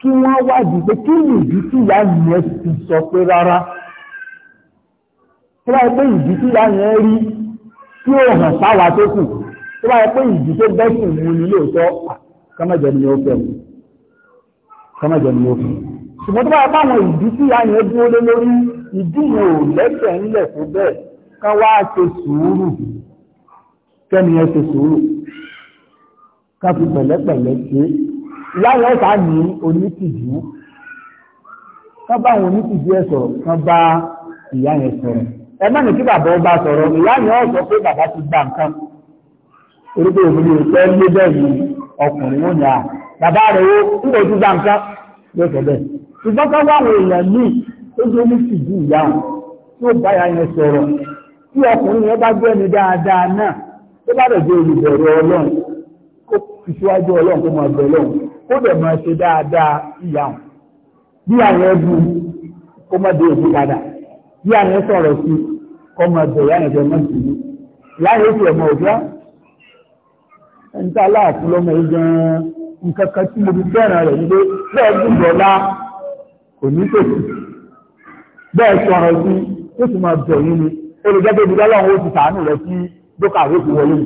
kí wọ́n wádìí pé kí ni ìdí tí ìyá yẹn ti sọ pé rárá tó bá yẹ pé ìdí tí ìyá yẹn rí tí ó hàn sáwà tó kù tó bá yẹ pé ìdí tó bẹ́sùn mu ni lóòótọ́ kọ́mọ̀jọ ni ó fẹ́ mu kọ́mọ̀jọ ni ó fẹ́ ṣùgbọ́n tó bá yẹ pé àwọn ìdí tí ìyá yẹn dúró lé lórí ìdíyẹ ò lẹ́sẹ̀ ńlẹ̀ tó bẹ́ẹ̀ ká wá ṣe sùúrù kẹ́ni ẹ ṣe sùúrù ká fi pẹ̀lẹ́pẹ̀lẹ́ ṣe láwọn ọ̀tá ní onítìjú ká bá àwọn onítìjú ẹ sọ̀rọ̀ ká bá ìyá yẹn sọ̀rọ̀ ẹ má ní kí bàbá ọba sọ̀rọ̀ ìyá yẹn ọ̀ sọ pé bàbá ti gbà nǹkan orúkọ òmìnir ìfẹ́ lé bẹ́ẹ̀ ni ọkùnrin wọn yà bàbá rẹ̀ ó ń bọ̀ ti gbà nǹkan ló bẹ́ẹ̀ ṣùgbọ́n ká wá àwọn èèyàn míì tó jẹ́ ní ṣìjú ìyá tí ó bá yẹn sọ̀rọ̀ tí ọkùnrin yẹn bá gbẹ́ni dáadáa náà tó bá dẹ̀ jẹ́ olùbẹ̀rù ọlọ́run kó fi síwájú ọlọ́run kó máa bẹ̀ ọlọ́run kó dẹ̀ máa ṣe dáadáa ìyá wọn bí àwọn ẹbí kó má dé òbí padà bí àwọn sọ̀rọ̀ sí kó máa bẹ̀ ìyá jẹ́ mọ́ sí láyé ó fi ẹ̀mọ́ òbí ẹni tá aláàfin lọ́mọ yìí gan-an nǹkan bẹ́ẹ̀ sọ̀rọ̀ sí ó sì máa bẹ̀ yín ni olùjẹ́gbẹ́ ibi lọ́lọ́run ó ti sàánù rẹ̀ sí dókà ó ti wọlé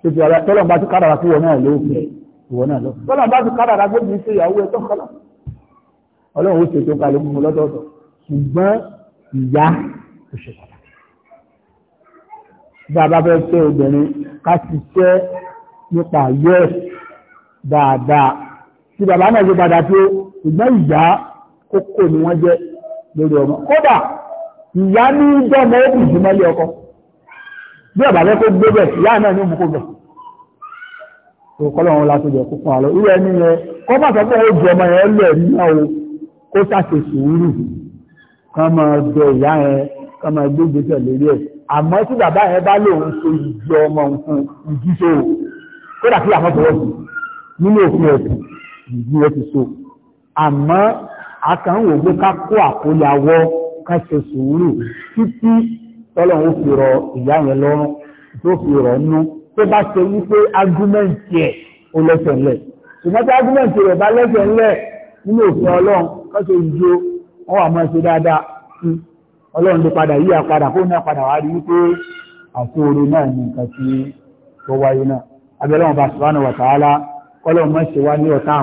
tètè ọ̀rẹ́ tọ́lọ̀ bá ti kádàrà sí ìwọ náà ló fẹ́ ìwọ náà lọ tọ́lọ̀ bá ti kádàrà gbé mi sí ìyàwó ẹ̀ tó kọ́lá ọlọ́run ó ṣètò kalẹ̀ mú lọ́tọ̀ọ̀tọ̀ ṣùgbọ́n ìyá ó ṣe pàtàkì bí a bá fẹ́ fẹ́ obìnrin ká ṣiṣẹ́ nípa yẹ́ dáadáa tí bàbá náà ṣe padà tó ṣùgbọ́n ìyá kókó ni wọ́n jẹ́ lórí ọmọ kódà ìyá ní dọ́mọ ó kùn jùmọ́ lé ọkọ bí ọ̀bà fẹ́ kó gbé bẹ̀ ìyá náà ní òmù kó bẹ̀ tó kọ́lọ̀ wọn la tó jẹ kó fún àlọ́ irú ẹni yẹn kọ́ bàtà o kó sàṣe sùúrù kán máa bẹ ìyá yẹn kán máa gbé ìgbésẹ̀ lórí ẹ̀ àmọ́ tí bàbá yẹn bá lòun ṣe ìjì ọmọ nǹkan kódà kí àwọn bọ̀wọ̀ sí nínú òfin ẹ̀sìn ìjì ẹ̀ ti so àmọ́ àkànwò pé ká kó àkóyawọ́ ká ṣe sùúrù títí tọ́lọ̀ ó fi rọ ìyá yẹn lọ́rùn tó fi rọ̀ nú tó bá ṣe wípé ágúmẹ̀ǹtì ẹ̀ ó lẹ́sẹ̀ ńlẹ̀ ṣùgbọ́n tí ágúmẹ̀ǹtì rẹ̀ bá lẹ́sẹ̀ ńlẹ̀ nínú òfin ọlọ́run ká ṣe ìjó wọn wà máa ṣe dáadáa sí ọlọ́run ló padà yíyà padà kó náà padà wá rí wípé àkóore náà ní nǹkan tí tó wáyé náà abẹ́lẹ́ bá subhanahu wa ta'ala wá ní ọ̀tá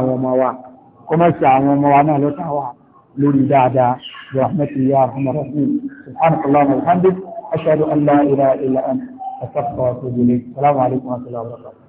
kọmọ́sí àwọn ọmọ wa náà lọ́ta wà lórí dáadáa rahmatu ya rahmatu rahim subhanakallah alhamdulillah ashhadu an la ilaha illa anta wa atubu ilayk assalamu alaikum wa rahmatullahi wa